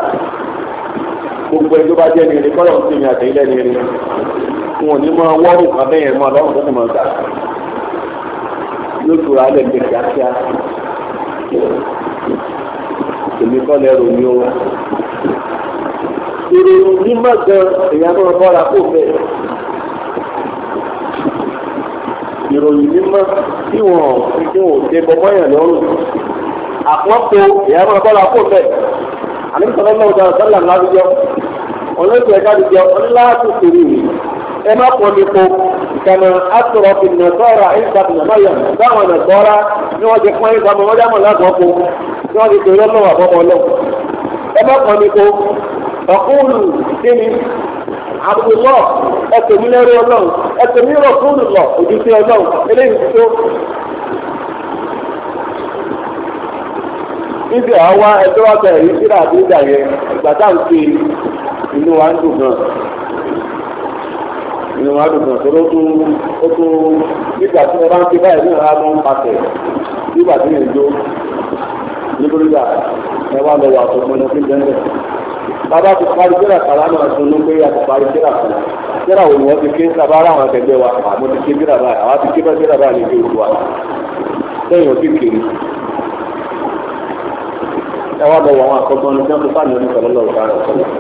gbogbo ẹni tó bá jẹ́ ní rí kọ́lọ̀ ń sinmi àtẹ̀yìnlẹ́ ní rí wọn ní máa wọ́n nǹkan bẹ́yẹn máa lọ́wọ́ tó ti máa gbà lóṣù alẹ́ gbẹ kíákíá èmi kọ́ lẹ́rù mi ó ìròyìn mímọ́ gan èèyàn náà bọ́ra kó bẹ́ẹ̀ ìròyìn mímọ́ tí wọ́n tí wọ́n ṣe bọ́mọ́ yẹn lọ́rùn àpọ́npo èèyàn náà bọ́ra kó bẹ́ẹ̀ àní sọ́dọ́ náà dára sọ́dọ̀ láwùjọ ọlọ́sẹ̀ ẹ̀ka àdìjọ ọlọ́sẹ̀ ẹ̀ka àdìjọ ẹ má pọ̀ nípo. kama asọ̀rọ̀ fi nà sọ̀rọ̀ àyíká fi nà máyà báwọn ni wọ́n ti fún àyíká mọ̀ wọ́n dámọ̀ lágbọ̀ọ́ kó ni wọ́n ti pè lọ́wọ́ àbọ̀mọ̀ lọ. ẹ bá kàn mí kó ọ̀kúrù sí mi wa bẹ̀rẹ̀ yìí síra àbúrò yẹn ìgbà inú wa ń inú wa dùn kan tó tó ó tó nígbà tí wọn bá ń ké báyìí ní ọ̀rá ló ń pàṣẹ nígbà tí yẹn jó nítorí gbà ẹ wá lọ wà tó mọ ní fíjẹ ńlẹ. bàbá ti parí jẹ́rà kàrá náà tó ló pé a ti parí jẹ́rà kan jẹ́rà òun wọ́n ti ké sábà ara àwọn akẹgbẹ́ wa àmọ́ ti ké jẹ́rà báyìí àwa ti ké bá jẹ́rà báyìí ní ìlú wa sẹ́yìn òbí kiri ẹ wá lọ wọ àwọn àkọ́gbọ́n ní sẹ́ńtọ́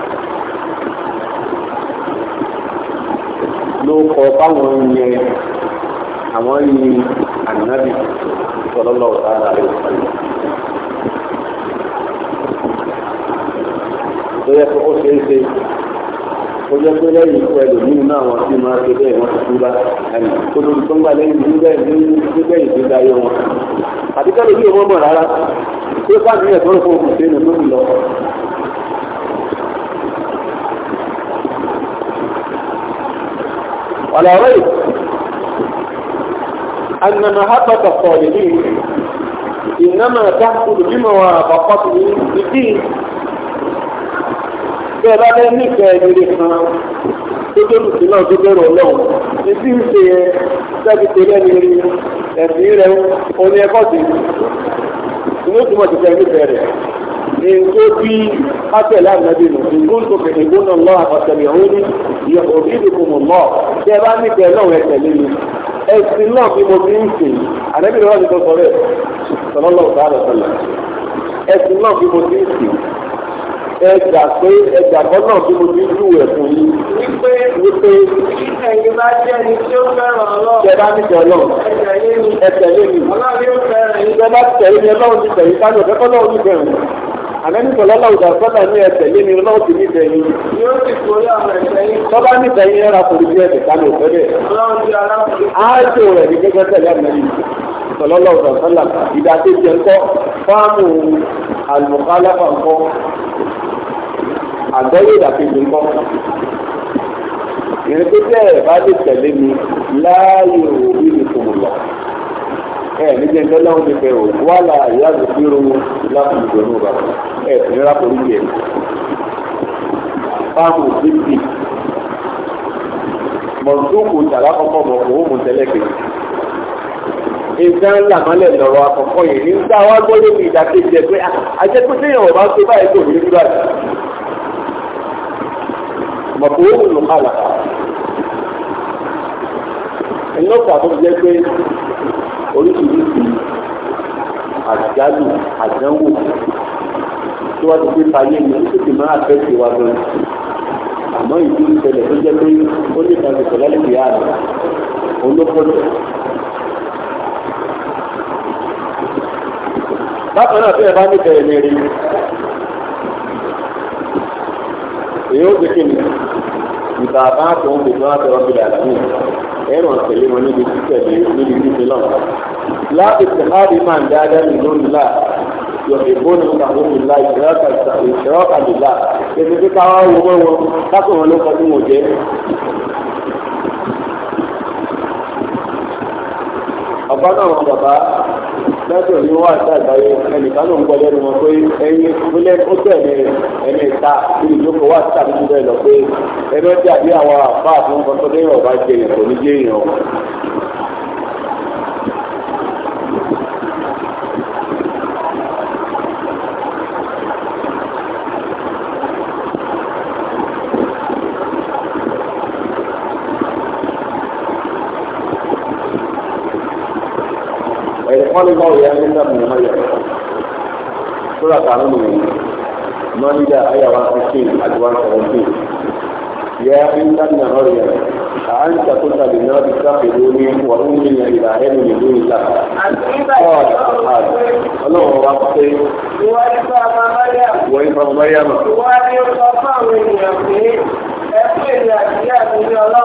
ló kọ fáwọn yẹn àwọn ní ànábì sọlọ́lọ́ ọ̀tara rẹ̀ sọlọ́. tó yẹ kó ó ṣe é ṣe ó jẹ́ pé lẹ́yìn ikú ẹlòmíín náà wọ́n sì máa ṣe bẹ́ẹ̀ wọ́n ti kú bá ẹnì tó lórí tó ń gbà lẹ́yìn níbẹ̀ níbẹ̀ ìgbéga yọ wọn. àti bí ìwọ́n mọ̀ rárá pé fáwọn ìyẹn tó ń fọ òkùnkùn sínú tó ń lọ ولا ريب أن محبة الصالحين إنما تحصل بموافقتهم في الدين bẹ́ẹ̀ bá ní ìfẹ́ ìrírí kan tó dóòlù sí náà tó bẹ̀rù ọlọ́run ìdí ń ṣe yẹn sẹ́bi tó lẹ́nu rí ẹ̀sìn rẹ̀ oní ẹ̀kọ́ sí inú ìtumọ̀ ti fẹ́ nífẹ̀ẹ́ rẹ̀ èso bí kátẹ̀lá nàbí nù ìgbón tó fi ìgbón náà lọ àpàtẹ̀lẹ̀ òun ní ìyẹ òbí ìdìbò mọ̀ mọ́ tí ẹ bá ní bẹ́ẹ̀ náà ẹ tẹ̀lé mi ẹ̀sìn náà bí mo fi ń sìn àdébí ni wọ́n sọ rẹ̀ sọlọ́lọ́ ọ̀tá rẹ̀ sọlọ́ ẹ̀sìn náà bí mo fi ń sìn ẹgbà pé ẹgbà kan náà mo ti lù ẹ̀fún yìí. wípé wípé ẹ̀yin bá jẹ́ ẹni tí ó fẹ́ràn ọlọ́run. ṣe bá nífẹ̀ẹ́ ọlọ́run. ẹ̀tẹ̀lé mi. ẹ̀tẹ̀lé mi. ọlọ́run yóò fẹ́ràn yín. bá tẹ̀lé mi ọlọ́run ti tẹ̀lé sáré ọ̀fẹ́ kọ́ lọ́run ti bẹ̀rù. àmẹ́ni sọ̀lá láwùjọ sọ́nà ní ọlọ́run ti nífẹ̀ẹ́ yín. yóò sì forí àwọn ẹ̀ṣẹ̀ yín. tọ́ba nífẹ̀ẹ́ yín ẹ̀ra forí bí ẹ̀ṣẹ̀ sáré ọ̀fẹ́ bẹ́ẹ̀. ọlọ́run ti aláwọ̀. á ṣe rẹ̀ ní gẹ́gẹ́ tẹ̀lé àmẹ́ni sọlọ́lọ́ ọ̀sán sọ́là ìdá tó jẹ ńkọ́ fáàmù àlùmọ́kálá ńkọ́ àgbọ́yé ìdàkejì ńkọ́. ìrìn pé tẹ́ ẹ̀ bá lè tẹ̀lé mi láàyè òbí mi kò lọ. ẹ níjẹ́ ń tẹ́lẹ̀ òun ti fẹ́ o wà lá ìyá mi fi ro láti ìgbẹ́ ní ọba ẹ sì ní lápò orí ẹ̀. fáàmù fífi mọ̀tòkù tàlá kọ́kọ́ mọ̀ kò ó mú tẹ́lẹ̀ kejì nǹkan ńlá mọ́lẹ̀ lọ́rọ̀ àkọ́kọ́ yìí nígbà wá gbọ́dọ̀ ní ìdákejì ẹ̀ pé àjẹpẹ́sẹ̀ ah, yẹn ò bá tó báyìí kò ní báyìí mọ̀kúrò lùkàlàkà ẹ̀yọ́ pàtó jẹ́ pé oríṣiríṣi àjálù àdánwò tí wọ́n ti fi fàyè ní títí máa fẹ́ sí wa gan àmọ́ ìdí ìṣẹ̀lẹ̀ tó jẹ́ pé ó lè kàn ṣẹ̀ṣẹ̀ lẹ́lẹ́kì yá rẹ̀ olókòtò. bákan náà tí ẹ bá ní bẹ̀rẹ̀ mẹ́rin èyí ó ti kí ni ìta bá tó ń gbèsè láti rọ́bì àlàmì ẹ̀rọ ìtẹ̀lé wọn níbi títẹ̀lé níbi títí náà láti tẹ̀háàdì máa ń dáadáa nínú ńlá yọ̀hìnbóni kàhónìlá ìṣẹ́rọ́kàlìlá èmi tí káwá wo mọ́ wọn kákò wọn ló kọ́ tí mo jẹ́. ọ̀gá náà wọn bàbá lọ́sọ̀ ní wọ́n àti àgbáyé ẹnìkan ló ń gbọ́ lẹ́nu wọn pé ẹyin ìpínlẹ̀ ó tẹ̀lé ẹni ìta kí ìjókòó wà síta nínú bẹ́ẹ̀ lọ pé ẹni ó dàbí àwọn àfáà fún ọkọ̀ lẹ́yìn ọ̀bá jẹ ìrìn mutanen mu ma'ida aya 116 àti 117 ya in kan na maryam a an ta kuta da na bi ta fi doni wa ummi ya ila hayni min duni la ọlọ́run wa pé wọ́n ń fa ọmọ maryam wọ́n ń fa ọmọ maryam wọ́n ń fa ọmọ ènìyàn pé Àwọn èèyàn sì àwọn èèyàn sì lọ́nà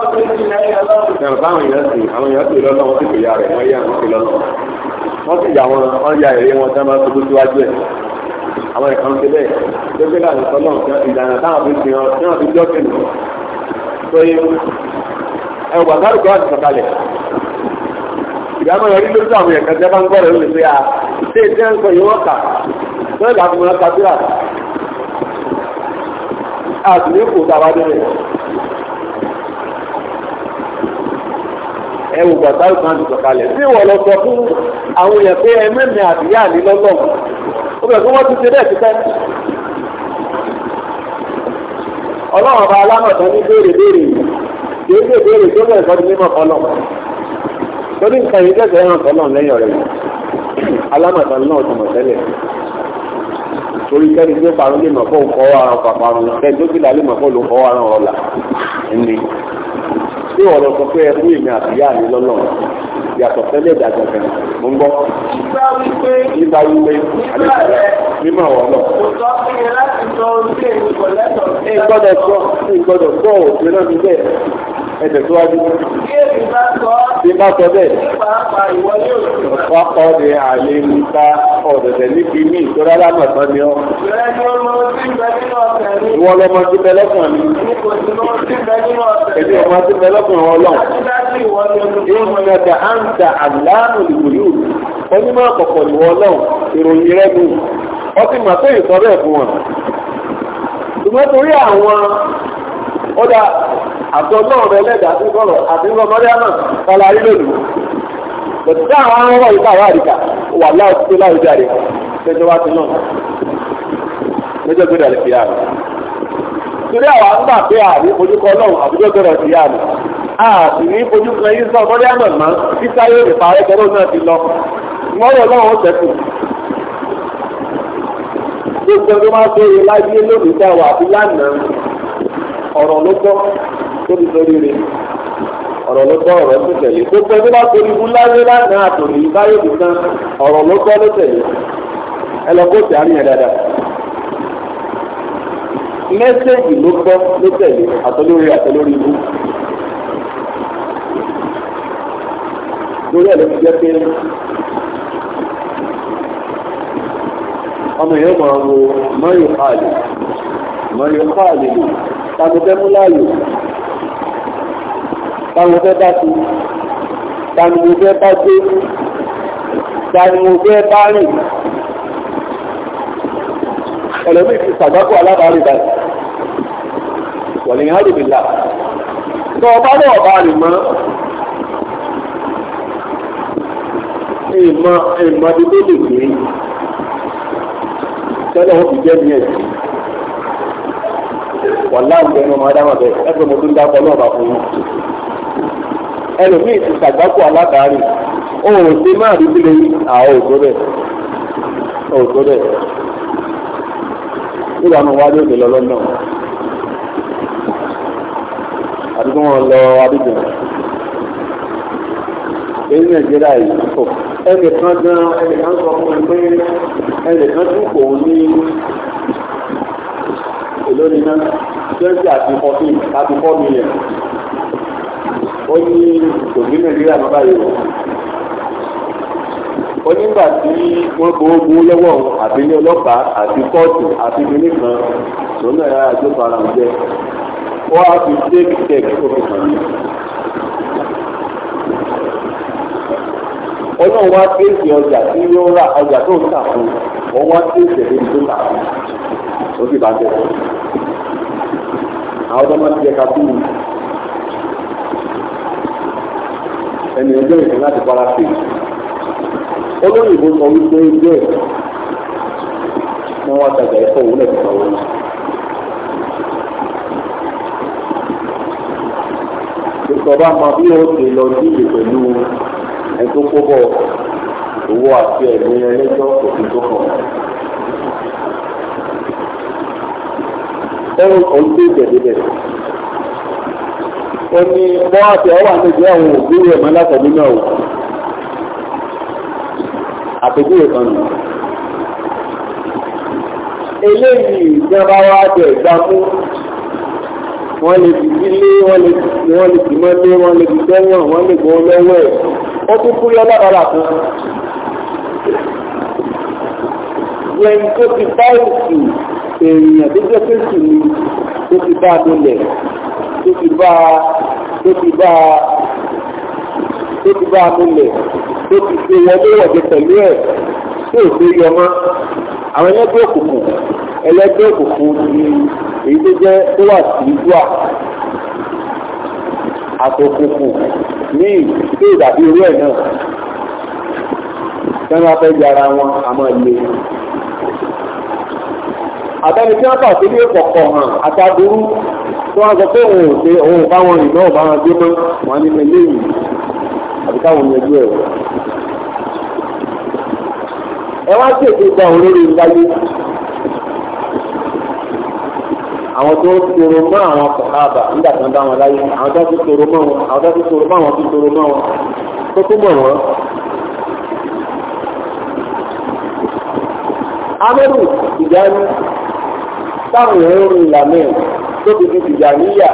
wọ́n sì pè ya rẹ̀ wọ́n yá wọ́n sì lọ́nà. Wọ́n sì yà wọn, wọ́n ya èrè wọn tán máa tó tó síwájú ẹ̀ àwọn ìkan ṣe bẹ́ẹ̀ tó gbé láti sọ náà ìdáná táwọn fi fi hàn tí wọ́n fi jọ́ kìnnì tó yẹ ẹ̀wọ̀n gbàgbọ́ àdúgbò àti sọ̀kalẹ̀ ìdáná yọrí lójú àwọn ẹ̀kan tẹ́ bá ń gbọ́rọ̀ lónìí pé a ṣé ìdí ẹ̀ńkọ yìí wọ́n kà tó ìlà fún wọn kàdúrà àti ní kò tàbá débẹ̀ ẹ̀wọ̀n gbàgbọ́ àti sọ̀kalẹ̀ tí ìwọ lọ sọ fún àwọn èèyàn pé ẹ mẹ́rin àdìyá ó bẹ̀rẹ̀ fún wọ́n ti ṣe bẹ́ẹ̀ ti pẹ́. ọlọ́run ọba alámọ̀tán ní béèrè béèrè yìí kì í ṣe béèrè tó bẹ̀rẹ̀ sọ́dún mímọ̀ kọ́lọ̀ torí nǹkan yìí tẹ̀sẹ̀ ẹ̀ràn kọ́lọ̀ lẹ́yìn ọ̀rẹ́ yìí alámọ̀tán náà tọmọ̀ tẹ́lẹ̀ torí kẹ́ni tó parun lè mọ̀ fóun kọ́ ara pàparun kẹ́ni tó kìlà lè mọ̀ fóun kọ́ ara ọ̀la ẹni tí ọ̀rọ̀ sọ pé ẹ yàtọ̀ sẹ́lẹ̀ ìdájọ́ kan mo ń gbọ́. nígbà wípé nígbà rẹ mímọ̀ wọ̀ lọ. kò sọ fún mi láti sọ orí èyí kò lẹ́tọ̀ọ́. ẹ gbọ́dọ̀ sọ ẹ gbọ́dọ̀ sọ òṣèré náà ní bẹ́ẹ̀ ẹ tẹ̀síwájú. bí èmi bá sọ bí bá sọ bẹ́ẹ̀. pàápàá ìwọ ní òṣù Wákọ̀ọ́dẹ àlè ń ta ọ̀dẹ̀dẹ̀ níbi ní ìtura lámọ̀tán ni ọ́. Ìwọ lọmọ tí bẹ lọ́kàn ni. Èdè ọmọ tí bẹ lọ́kàn ọlọ́run. Ìmọ̀lẹ́dà á ń ta àlánù ìwòlú. Onímọ̀ àkọ́kọ́ ìwọ ọlọ́run, ìròyìn rẹ̀ nù. Ó ti mà pé ìsọ̀rọ̀ bẹ̀tẹ̀ tí àwọn ará wọ̀nyí bá wà àríkà wà láwùjọ tó láwùjọ àrè lẹ́jọ́ wá sí náà lẹ́jọ́ gbé dàlẹ́ fìyà rẹ̀. torí àwọn àgbà pé àrí ojúkọ náà àbújọ gbọ́dọ̀ fìyà rẹ̀ a sì ní ojúkọ yìí sọ ọmọdé àmọ̀ mọ́ títà yóò lè parẹ́ tọ́lọ́ náà ti lọ mọ́rọ̀ náà ó tẹ̀kù. gbogbo tó máa gbé láyé lónìí dáwà àbí lánàá ọ̀rọ̀ ló gbọ́ tó ti sọ rere ọ̀rọ̀ ló gbọ́ ọ̀rọ̀ tó tẹ̀lé gbogbo ẹni bá torí ibú láyé láti hàn àtòrí báyé nìkan ọ̀rọ̀ ló gbọ́ ló tẹ̀lé ẹ lọ kó tẹ̀ àríyàn dáadáa mẹ́sẹ̀gì ló gbọ́ ló tẹ̀lé àtọ́lórí àtọ́lórí ibú. lórí ẹ̀ ló ti jẹ́ pé ọmọ yẹn máa wo mọ́yò káàlì mọ́yò káàlì lò tàbí tẹ́mú láàyò táwọn fẹ́ bá ti táwọn mo fẹ́ bá gbé táwọn mo fẹ́ bá rìn ẹlẹ́mí ti sàgbákò alábàárì báyìí wọ̀lẹ̀ yẹn á lè bìlà tó ọba náà bá rìn mọ́ ìmọ̀ ìmọ̀ lè gbé tẹ́lẹ̀ wọ́n fi jẹ́ ní ẹ̀sìn wàláàbù ẹnu ọmọ adáwọ̀ bẹ́ẹ̀ ẹgbẹ́ mo tún dákọ̀ náà fún yín ẹlòmíì ti ṣàgbákò aládàárì òun ò sí máa rí sílẹ̀ àwọn òtó bẹ̀ òtó bẹ̀ ìlànà wájú òde lọ lọ́nà àdúgbò wọn lọ Abidjan èyí Nàìjíríà yìí kò ẹnìkan gan ẹnìkan sọ fún mi pé ẹnìkan tún kò ní èlò nínú twenty àti fourteen àti four million ó ní ìtòbí nàìjíríà lọ́ba yìí ó nígbà tí wọ́n gbowó gbowó lọ́wọ́ àbí ní ọlọ́pàá àti kóòtù àti ibi nìkan lòun náà yára tó fara hàn jẹ ó wá fi déèkì tẹ̀kì tó fi hàn mí. ọlọ́run wá déèkì ọjà tí yóò ra ọjà tó ń tà fún wọ́n wá déèkì ẹ̀ tó tà fún ó sì bá tẹ̀. àwọn ọmọ ti yẹ ká kú mi. ẹni ẹjọ́ ìfún láti para pè é olóyìnbó sọ wípé bẹ́ẹ̀ wọ́n wá tajà ẹ̀kọ́ òun lẹ́ẹ̀kan wọn. ìsọ̀bá máa bí ó ti lọ síbi pẹ̀lú ẹ̀tọ́ kóbọ̀ owó àti ẹ̀mí ẹlẹ́jọ́ òfin tó kàn. ẹ̀rù kan tó jẹ̀dẹ̀dẹ̀ ó ní bọ́ọ̀tì ọwà méjì àwọn òbí rẹ̀ mọ́ látọ̀bí náà wò àpèjúwe kan nù. eléyìí ìjọba wa jẹ ìgbàmú wọ́n lè fi sílé wọ́n lè fi mọ́lé wọ́n lè fi sẹ́wọ̀n wọ́n lè gbọ́ lọ́wọ́ ẹ̀ ó tún kú yọ lábàrà kan. yẹn tó ti báyìí sí èèyàn tó jẹ́ pé sì ni tó ti bá a lulẹ̀ tó ti bá a tó ti bá a tó ti bá a múlẹ̀ tó ti ṣe wọlé wọ̀dé pẹ̀lú ẹ̀ tí ò ṣe yọ mọ́ àwọn ẹlẹ́gbẹ́ òkùnkùn ẹlẹ́gbẹ́ òkùnkùn ti èyí tó jẹ́ tó wà sí ìdúà àtòkùnkùn ní ìdí ìdàbí orí ẹ̀ náà tí wọ́n fẹ́ di ara wọn àmọ́ ilé àtẹnudí wọn pàṣẹ ní ìkọ̀kọ̀ hàn àtàdúró tó wá sọ pé òun ò ṣe òun báwọn ìná ọ̀bá wọn gbé mọ́ wọn ní eléyìí àbí káwọn yanjú ẹ̀rọ. ẹ wá ṣètò ìgbà òun lórí ìdáyé àwọn tó toro mọ́ àwọn nígbà bá wọn láyé àwọn tó toro mọ́ wọn tó fi di ìjà níyà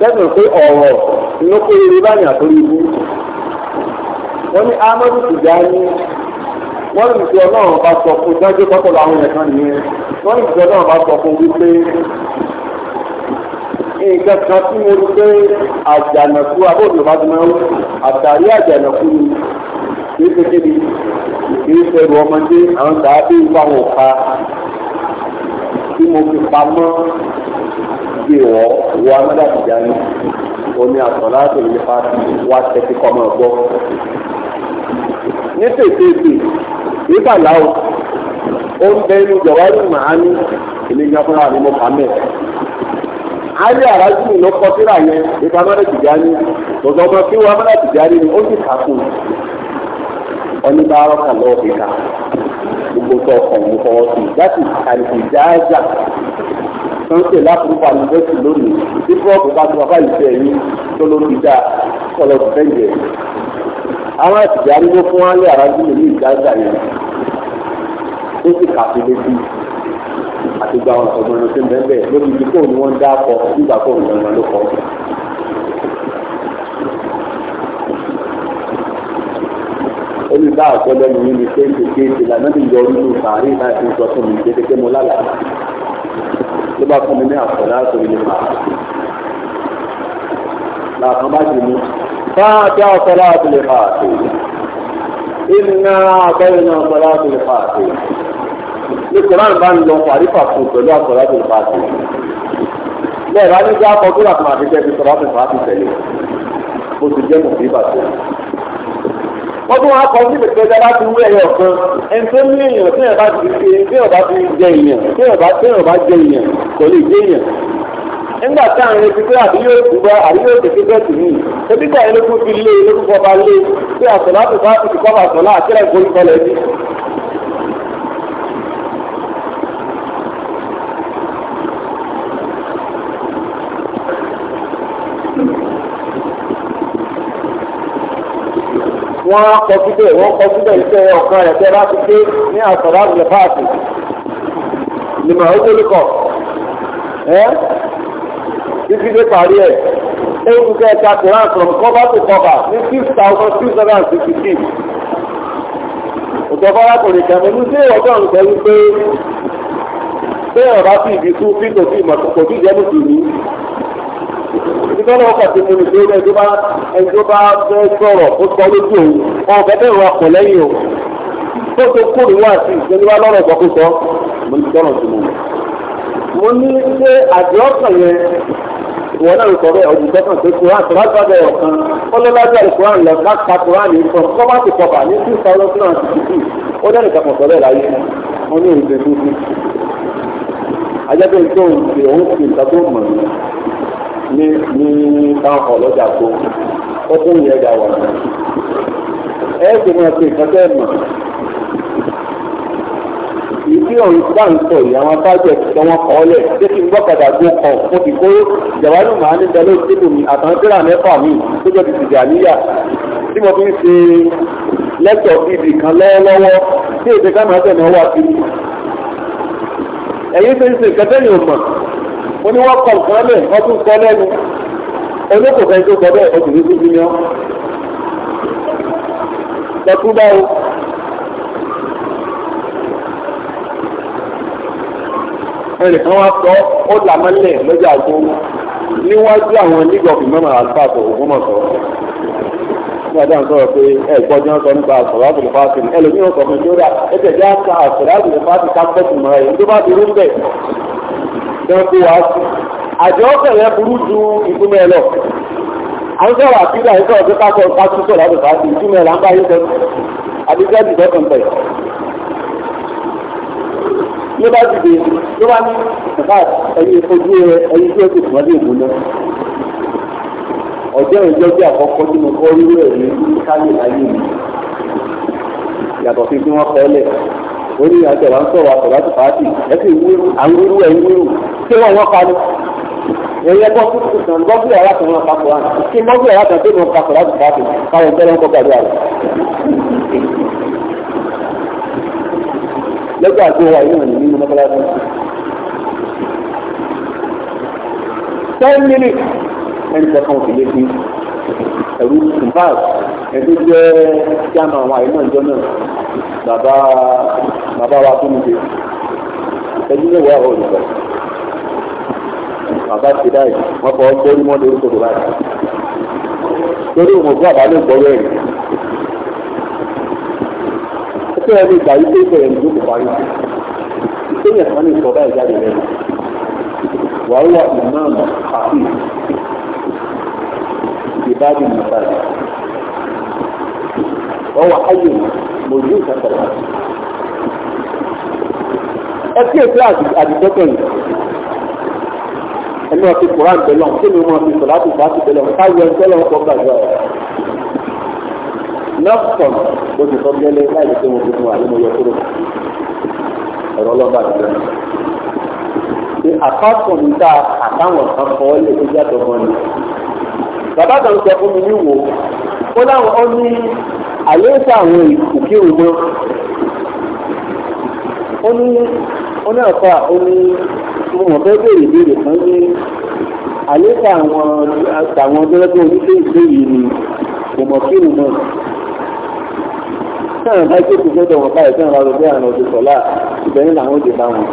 lẹ́sìn pé ọ̀rọ̀ ló pé eré bá yàn tó ibú wọ́n ní amadu Tijani wọ́n ní ìjọ náà bá sọ fún dájú pọ́tọ̀lọ́ àwọn ẹ̀ka nìyẹn wọ́n ní ìjọ náà bá sọ fún wípé nǹkan kan tí mo rí pé àjànàkú abóòdù bá ti máa ń àtàrí àjànàkú ni kì í ṣe kébi kì í ṣe ẹrù ọmọdé àwọn tàbí ìwà ká tí mo fi pamọ́ bí wọ́ wọ amúdàbíjà ni omi àtọ̀lá àtòlè pàtì wá tẹ́tí kọ́mọ gbọ́. ní tètè ìbàlá o ó ń bẹ inú jọ̀wárì màání èmi ń gbàgbọ́n àmì mo kà mẹ́. ayé àrájú ló kọ síra yẹn ìbá amúdàbíjà ni gbogbo ọmọ kí wọ́n amúdàbíjà ni ó sì kà fún un. ọ ní bá arọ́kà lọ́wọ́ fi gbogbo tó ọkàn ìlú fọwọ́ sí i láti àìsèjáàjà tó ń tẹ̀ láfúrúfà yunifásitì lónìí tí bọ́ọ̀bù bá tó wà fáyìí fẹ́ yín tó ló fi dáa kọlọ̀ tó fẹ́ǹdì ẹ̀. àwọn àtìjà arúgbó fún wa lé àràjù mi ní ìjáàjà yẹn ó sì kàfi létí àti gba àwọn ọ̀gbọ̀n ẹ̀rọ tó ń bẹ́ẹ̀ lórí ibi kóò ni wọ́n dá kọ nígbà kóò ní ọmọ ló kọ olùdá àgbọ̀lẹ̀ mi ni pé kéèké ìlànà mi yọ nínú sàárè náà ti ń sọ fún mi kékeré mo lálàá ló bá fún mi ní àkọ́lá sórí nípa làkàn bá jù mí fáàtì àkọ́lá àtìlẹ̀ fààtì ìnà àbẹ́rẹ́ náà àkọ́lá àtìlẹ̀ fààtì ní koran bá ń lọ parí pàtó pẹ̀lú àkọ́lá àtìlẹ̀ fààtì bẹ́ẹ̀ bá ní gbà kọ́ tó làkàn àti tẹ̀sí sọ̀rọ̀ àtìlẹ̀ fààtì tẹ̀lé mo sì jẹ́ mọ̀ wọ́n tún wá kọ sí ìpèsè ẹja bá ti wú ẹyọ kan ẹni tó ní èèyàn tí èèyàn bá ti ṣe tí èèyàn bá ti jẹ èèyàn tí èèyàn bá tí èèyàn bá jẹ èèyàn kò lè jẹ èèyàn. nígbà tí àwọn ẹni pípẹ́ àbí yóò ti bọ́ àbí yóò ti pípẹ́ tì mí ebi kọ́ ẹni kú fi lé ẹni kú fọba lé pé àtọ̀lá tó bá ti kọ́ àtọ̀lá àkẹ́rẹ́ wọ́n á kọ síbẹ̀ wọ́n kọ síbẹ̀ iṣẹ́ ọ̀kan rẹ̀ tẹ́ bá ti dé ní àsọ̀rọ̀ àgbẹ̀ fáàtì nìmọ̀ ó tóbi kọ̀ ẹ́ títí dé parí ẹ̀ ewu kẹ́ ẹ̀ka Quran from cover to cover ní six thousand six hundred and sixty six ìjọba arákùnrin kẹmẹ́lú sí ọjọ́ nǹkan wípé bẹ́ẹ̀ ọ̀rá sí ibi tún fíjọ sí ìmọ̀ kò tún jẹ́ mùsùlùmí ibi tó lọ́wọ́ kàtí mo nìgbé ẹni tó bá ẹni tó bá fẹ́ sọ̀rọ̀ ó sọ lójú òun ọ̀hún bẹ́ẹ̀ rọ ọkọ̀ lẹ́yìn o tó tó kó ní wá sí ìṣẹ́ni wá lọ́rọ̀ ìgbọ́kúsọ mo ní sọ̀rọ̀ sí mo. mo ní pé àjọ ọ̀sán yẹn ìwọ náà sọ bẹ́ẹ̀ ọdún tẹ́sán tó kúrán tó bá gbàgbé ọ̀kan ó ló lájọ́ ìkúrán lọ bá ka kúrán ní sọ kọ́ bá ti pọ̀pà ní two thousand two hundred sixty two ó dẹ́nu kàkàn sọ bẹ́ẹ̀ láyé wọn ní òun ṣe tó kú. ajẹ́pẹ́ tó ń òun fi nǹkan tó mọ̀ ní ní ní town hall ọjà tó ó fún yẹn dà wà. ẹ ṣe máa ṣe ìkàtẹ́ ẹ̀mọ̀ ìdí ọ̀run tí wọ́n ń sọ yìí àwọn target tí wọ́n kọ́ lẹ̀ ṣé kí n gbọ́ padà gbó kọ̀ mo ti kó jàwálù màá ní bẹ́lẹ̀ òṣèlú mi àtàwọn tíra mẹ́fà mi tó jẹ́ tìtì àníyà tí mo fi ń ṣe lẹ́tọ̀ ìdì kan lọ́wọ́lọ́wọ́ tí èdè ká máa tẹ̀lé wà sí. ẹ̀yin ṣe ń ṣe ìkẹ́tẹ́ yìí ò mọ̀ mo ní wọ́n kọ nǹkan lẹ̀ wọ́n tún kọ lẹ́nu olókòkò ẹni tó kọ bẹ́ẹ̀ obìnrin tó bí ní ọ́ lọ́kú báwo. ẹnìkan wá sọ ó là mọ́lẹ̀ lọ́jà tó níwájú àwọn league of imam alfat ògbómọ̀ṣọ́ nígbà tí a ń sọ̀rọ̀ pé ẹ gbọ́ tí sọ nípa àsọ̀rọ̀àbù lè fásitì ní ẹlòmíràn sọ fún mi lórí àtẹ̀jẹ́ àṣà àsọ̀rọ̀àbù lè ká pẹ̀tù náà kó wá sí àjọ ọ̀sẹ̀ yẹn burú ju ìtumọ̀ ẹ lọ à ń sọ̀rọ̀ àfíìdá yìí sọ̀rọ̀ pé ká sọ ká tún sọ̀rọ̀ àbẹ̀fà sí ìtumọ̀ ẹ̀ là ń bá yín sọ àbíjá ti sọ́kàn bẹ̀. ló bá dìde ló bá ní ìfà ẹyin ojú ẹyin tí ó ti tùmọ́ lé ìbò náà ọjọ́ ìjọ bí àkọ́kọ́ tí mo kọ́ rírú ẹ̀ ní kálí ayé mi yàtọ̀ sí tí wọ́n fẹ́ lẹ̀ orí àtẹ̀wá ń sọ̀rọ̀ àtẹ̀wá ti pàtì ẹ̀sìn ìwúrú àwọn irú ẹ̀ ìwúrú tí wọ́n wọ́n pa ni. ẹ̀yẹ bọ́ọ̀kì tuntun bọ́ọ̀kì ẹ̀rọ kan wọn papọ̀ wá kí bọ́ọ̀kì ẹ̀rọ kan tó wọn papọ̀ láti pàtì káwọn ìgbẹ́ wọn kọ́kọ́ àdúrà rẹ̀. lọ́jọ́ àti wa ìlú wọn nínú mọ́kálásí. ten minutes ẹnì ẹ̀rú sumbaz ẹ̀dí jẹ́ kíámà àwọn àyè náà jọ náà bàbá bàbá wa tó nìyẹn ẹ̀dí yẹ̀wò àwọn olùkọ́ bàbá ti dáì wọ́n fọ́ gbórí mọ́ lórí kòtò láì torí òun òfin àbá lè gbọ́rọ̀ ẹ̀rí ẹ̀sẹ̀ ẹ̀ lè gbà yí pé ìbẹ̀rẹ̀ ní lóko parí ìpéyẹ̀ kan lè sọ báyìí jáde lẹ́nu wàhálà ìmáàmù àfíì في باب المساجد وهو حي موجود تحت الأرض أكيد كلاس أدبتني ẹnu ọtí koran bẹ lọ kí ni wọn fi sọlá tó bá ti bẹ lọ káwé ẹgbẹ lọ kọ gbàgbọ ẹ nọfọn lóṣù tó gẹlẹ láì tó wọn fún wa ní mo yọ kúrò ẹ̀rọ lọba ti bẹ ṣe àpapọ̀ níta àtàwọn kan fọ́ ẹ lè tó yàtọ̀ gan ni bàbá kan sọ fún mi ní wò ó láwọn ọ ní àyè ń sàwọn òkè òmọ ó ní ó ní ọ̀fà ó ní mo mọ̀ fẹ́ béèrè ìbéèrè kan ní àyè sàwọn àwọn dẹ́rẹ́bẹ́ oníṣẹ́ ìbéèrè ni mo mọ̀ kí òmọ náà bá jókòó sọ́dọ̀ wọn báyìí sẹ́wọ̀n bá rẹ̀ bí àwọn ọdún sọ̀lá ìbẹ̀rẹ̀ làwọn ò dé bá wọn.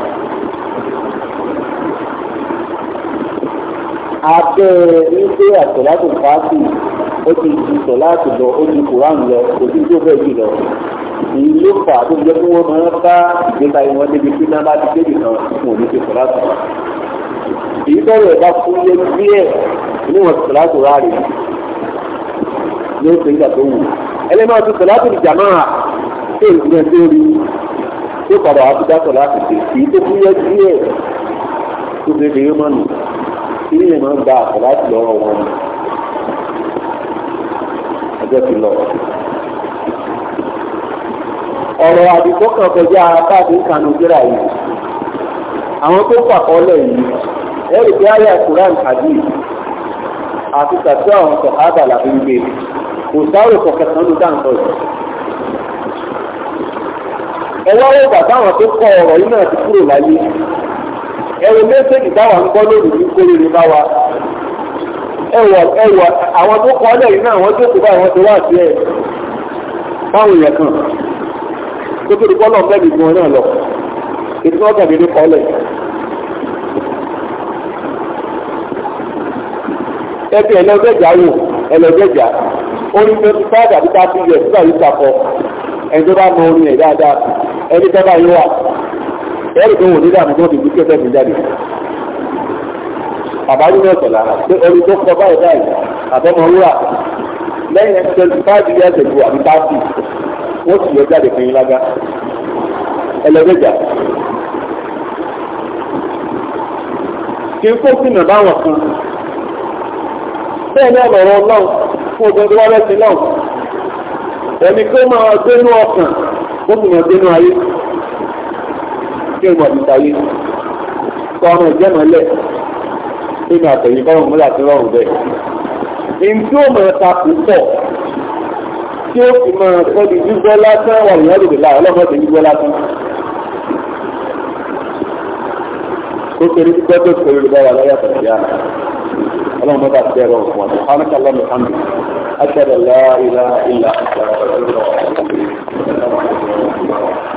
abẹ́ wípé àtọ̀látò fàájì ó ti ju tọ̀látò lọ ó ti koran lọ kò sí tó bẹ́ẹ̀ jù lọ èyí ló fà tó jẹ́ kí wọ́n máa bá ìgbéga yìí wọ́n débi pé náà bá ti débi kan fún òní ṣe tọ̀látò èyí bẹ̀rẹ̀ ẹ̀ bá fún yé díẹ̀ níwọ̀n tọ̀látò rà rè ní ó ìgbà tó wù ẹlẹ́mọ̀ tó tọ̀látò ìjàmọ́ à tó ìgbìyànjú tó rí tó padà wá tó dá tọ̀látò sí èyí tó fún yé díẹ̀ tó ṣe tí èèyàn máa ń gba àpò láti lọ́rọ̀ wọn ni ọjọ́ ti lọ. ọ̀rọ̀ àdìgbò kan kọjá káàdì kanu jẹ́ra yìí àwọn tó pàkọ́lẹ̀ yìí ẹ̀rì pé ayé àkùrán àdì àti tàbí àwọn sọ̀hábà làbí ń gbé kò sáré kọ̀kẹ́ kan ló dáńtọ́ yìí. ẹ̀wọ́n rẹ̀ bàbá àwọn tó kọ ọ̀rọ̀ yìí náà ti kúrò láyé ẹwọ mẹ́sẹ̀gì báwa ń gbọ́ lónìí ní kórè ní báwa ẹwọ ẹwọ àwọn tó kọ́ ọ́lẹ̀ yìí náà wọ́n jókòó báyìí wọ́n ti wá sí ẹ̀ báwọn èèyàn kan tó tó dùkọ́ náà bẹ́ẹ̀ gbọ́n náà lọ ètò wọn kàdé ní kọ́ ọ́lẹ̀ ẹbí ẹlẹ́gbẹ̀já wò ẹlẹ́gbẹ̀já orí twenty five àti thirty years nígbà yìí sàkọ ẹni tó bá mọ orin ẹ̀ dáadáa ẹni tó bá wà ẹ̀rù tó wò ní dààmú tó ti fi kẹsẹ̀ tó jáde. àbájú náà sọ̀lá pé ẹni tó kọ báyìí báyìí àtọ́mọ wúrà lẹ́yìn twenty five years ago àbí thirty wọ́n sì yọ jáde fún yín lága ẹlẹ́gbẹ̀jà. kì í kó sínú báwọn kan bẹ́ẹ̀ ni ọ̀rọ̀ ọlọ́run fún obìnrin tó wá bẹ́ẹ̀ sí náà ẹni pé máa gbénú ọkàn ó sì máa gbénú ayé kí ìmọ̀ ìtayé kọ́ ọmọ ìjẹ́mọ̀lẹ̀ nínú àtẹ̀yìn kọ́rùn múlà tí rọrùn bẹ́ẹ̀. Èyí tí ó máa ta púpọ̀ tí ó fi máa tọ́ di gbígbọ́ lásán wà ní ọdún ìlà ọlọ́mọdé gbígbọ́ lásán. Ó kéré gbígbọ́ tó kéré lè bára lọ́yà tàbí àná. اللهم بعد خير وقوة سبحانك اللهم وبحمدك أشهد أن لا إله إلا أنت أستغفرك وأتوب إليك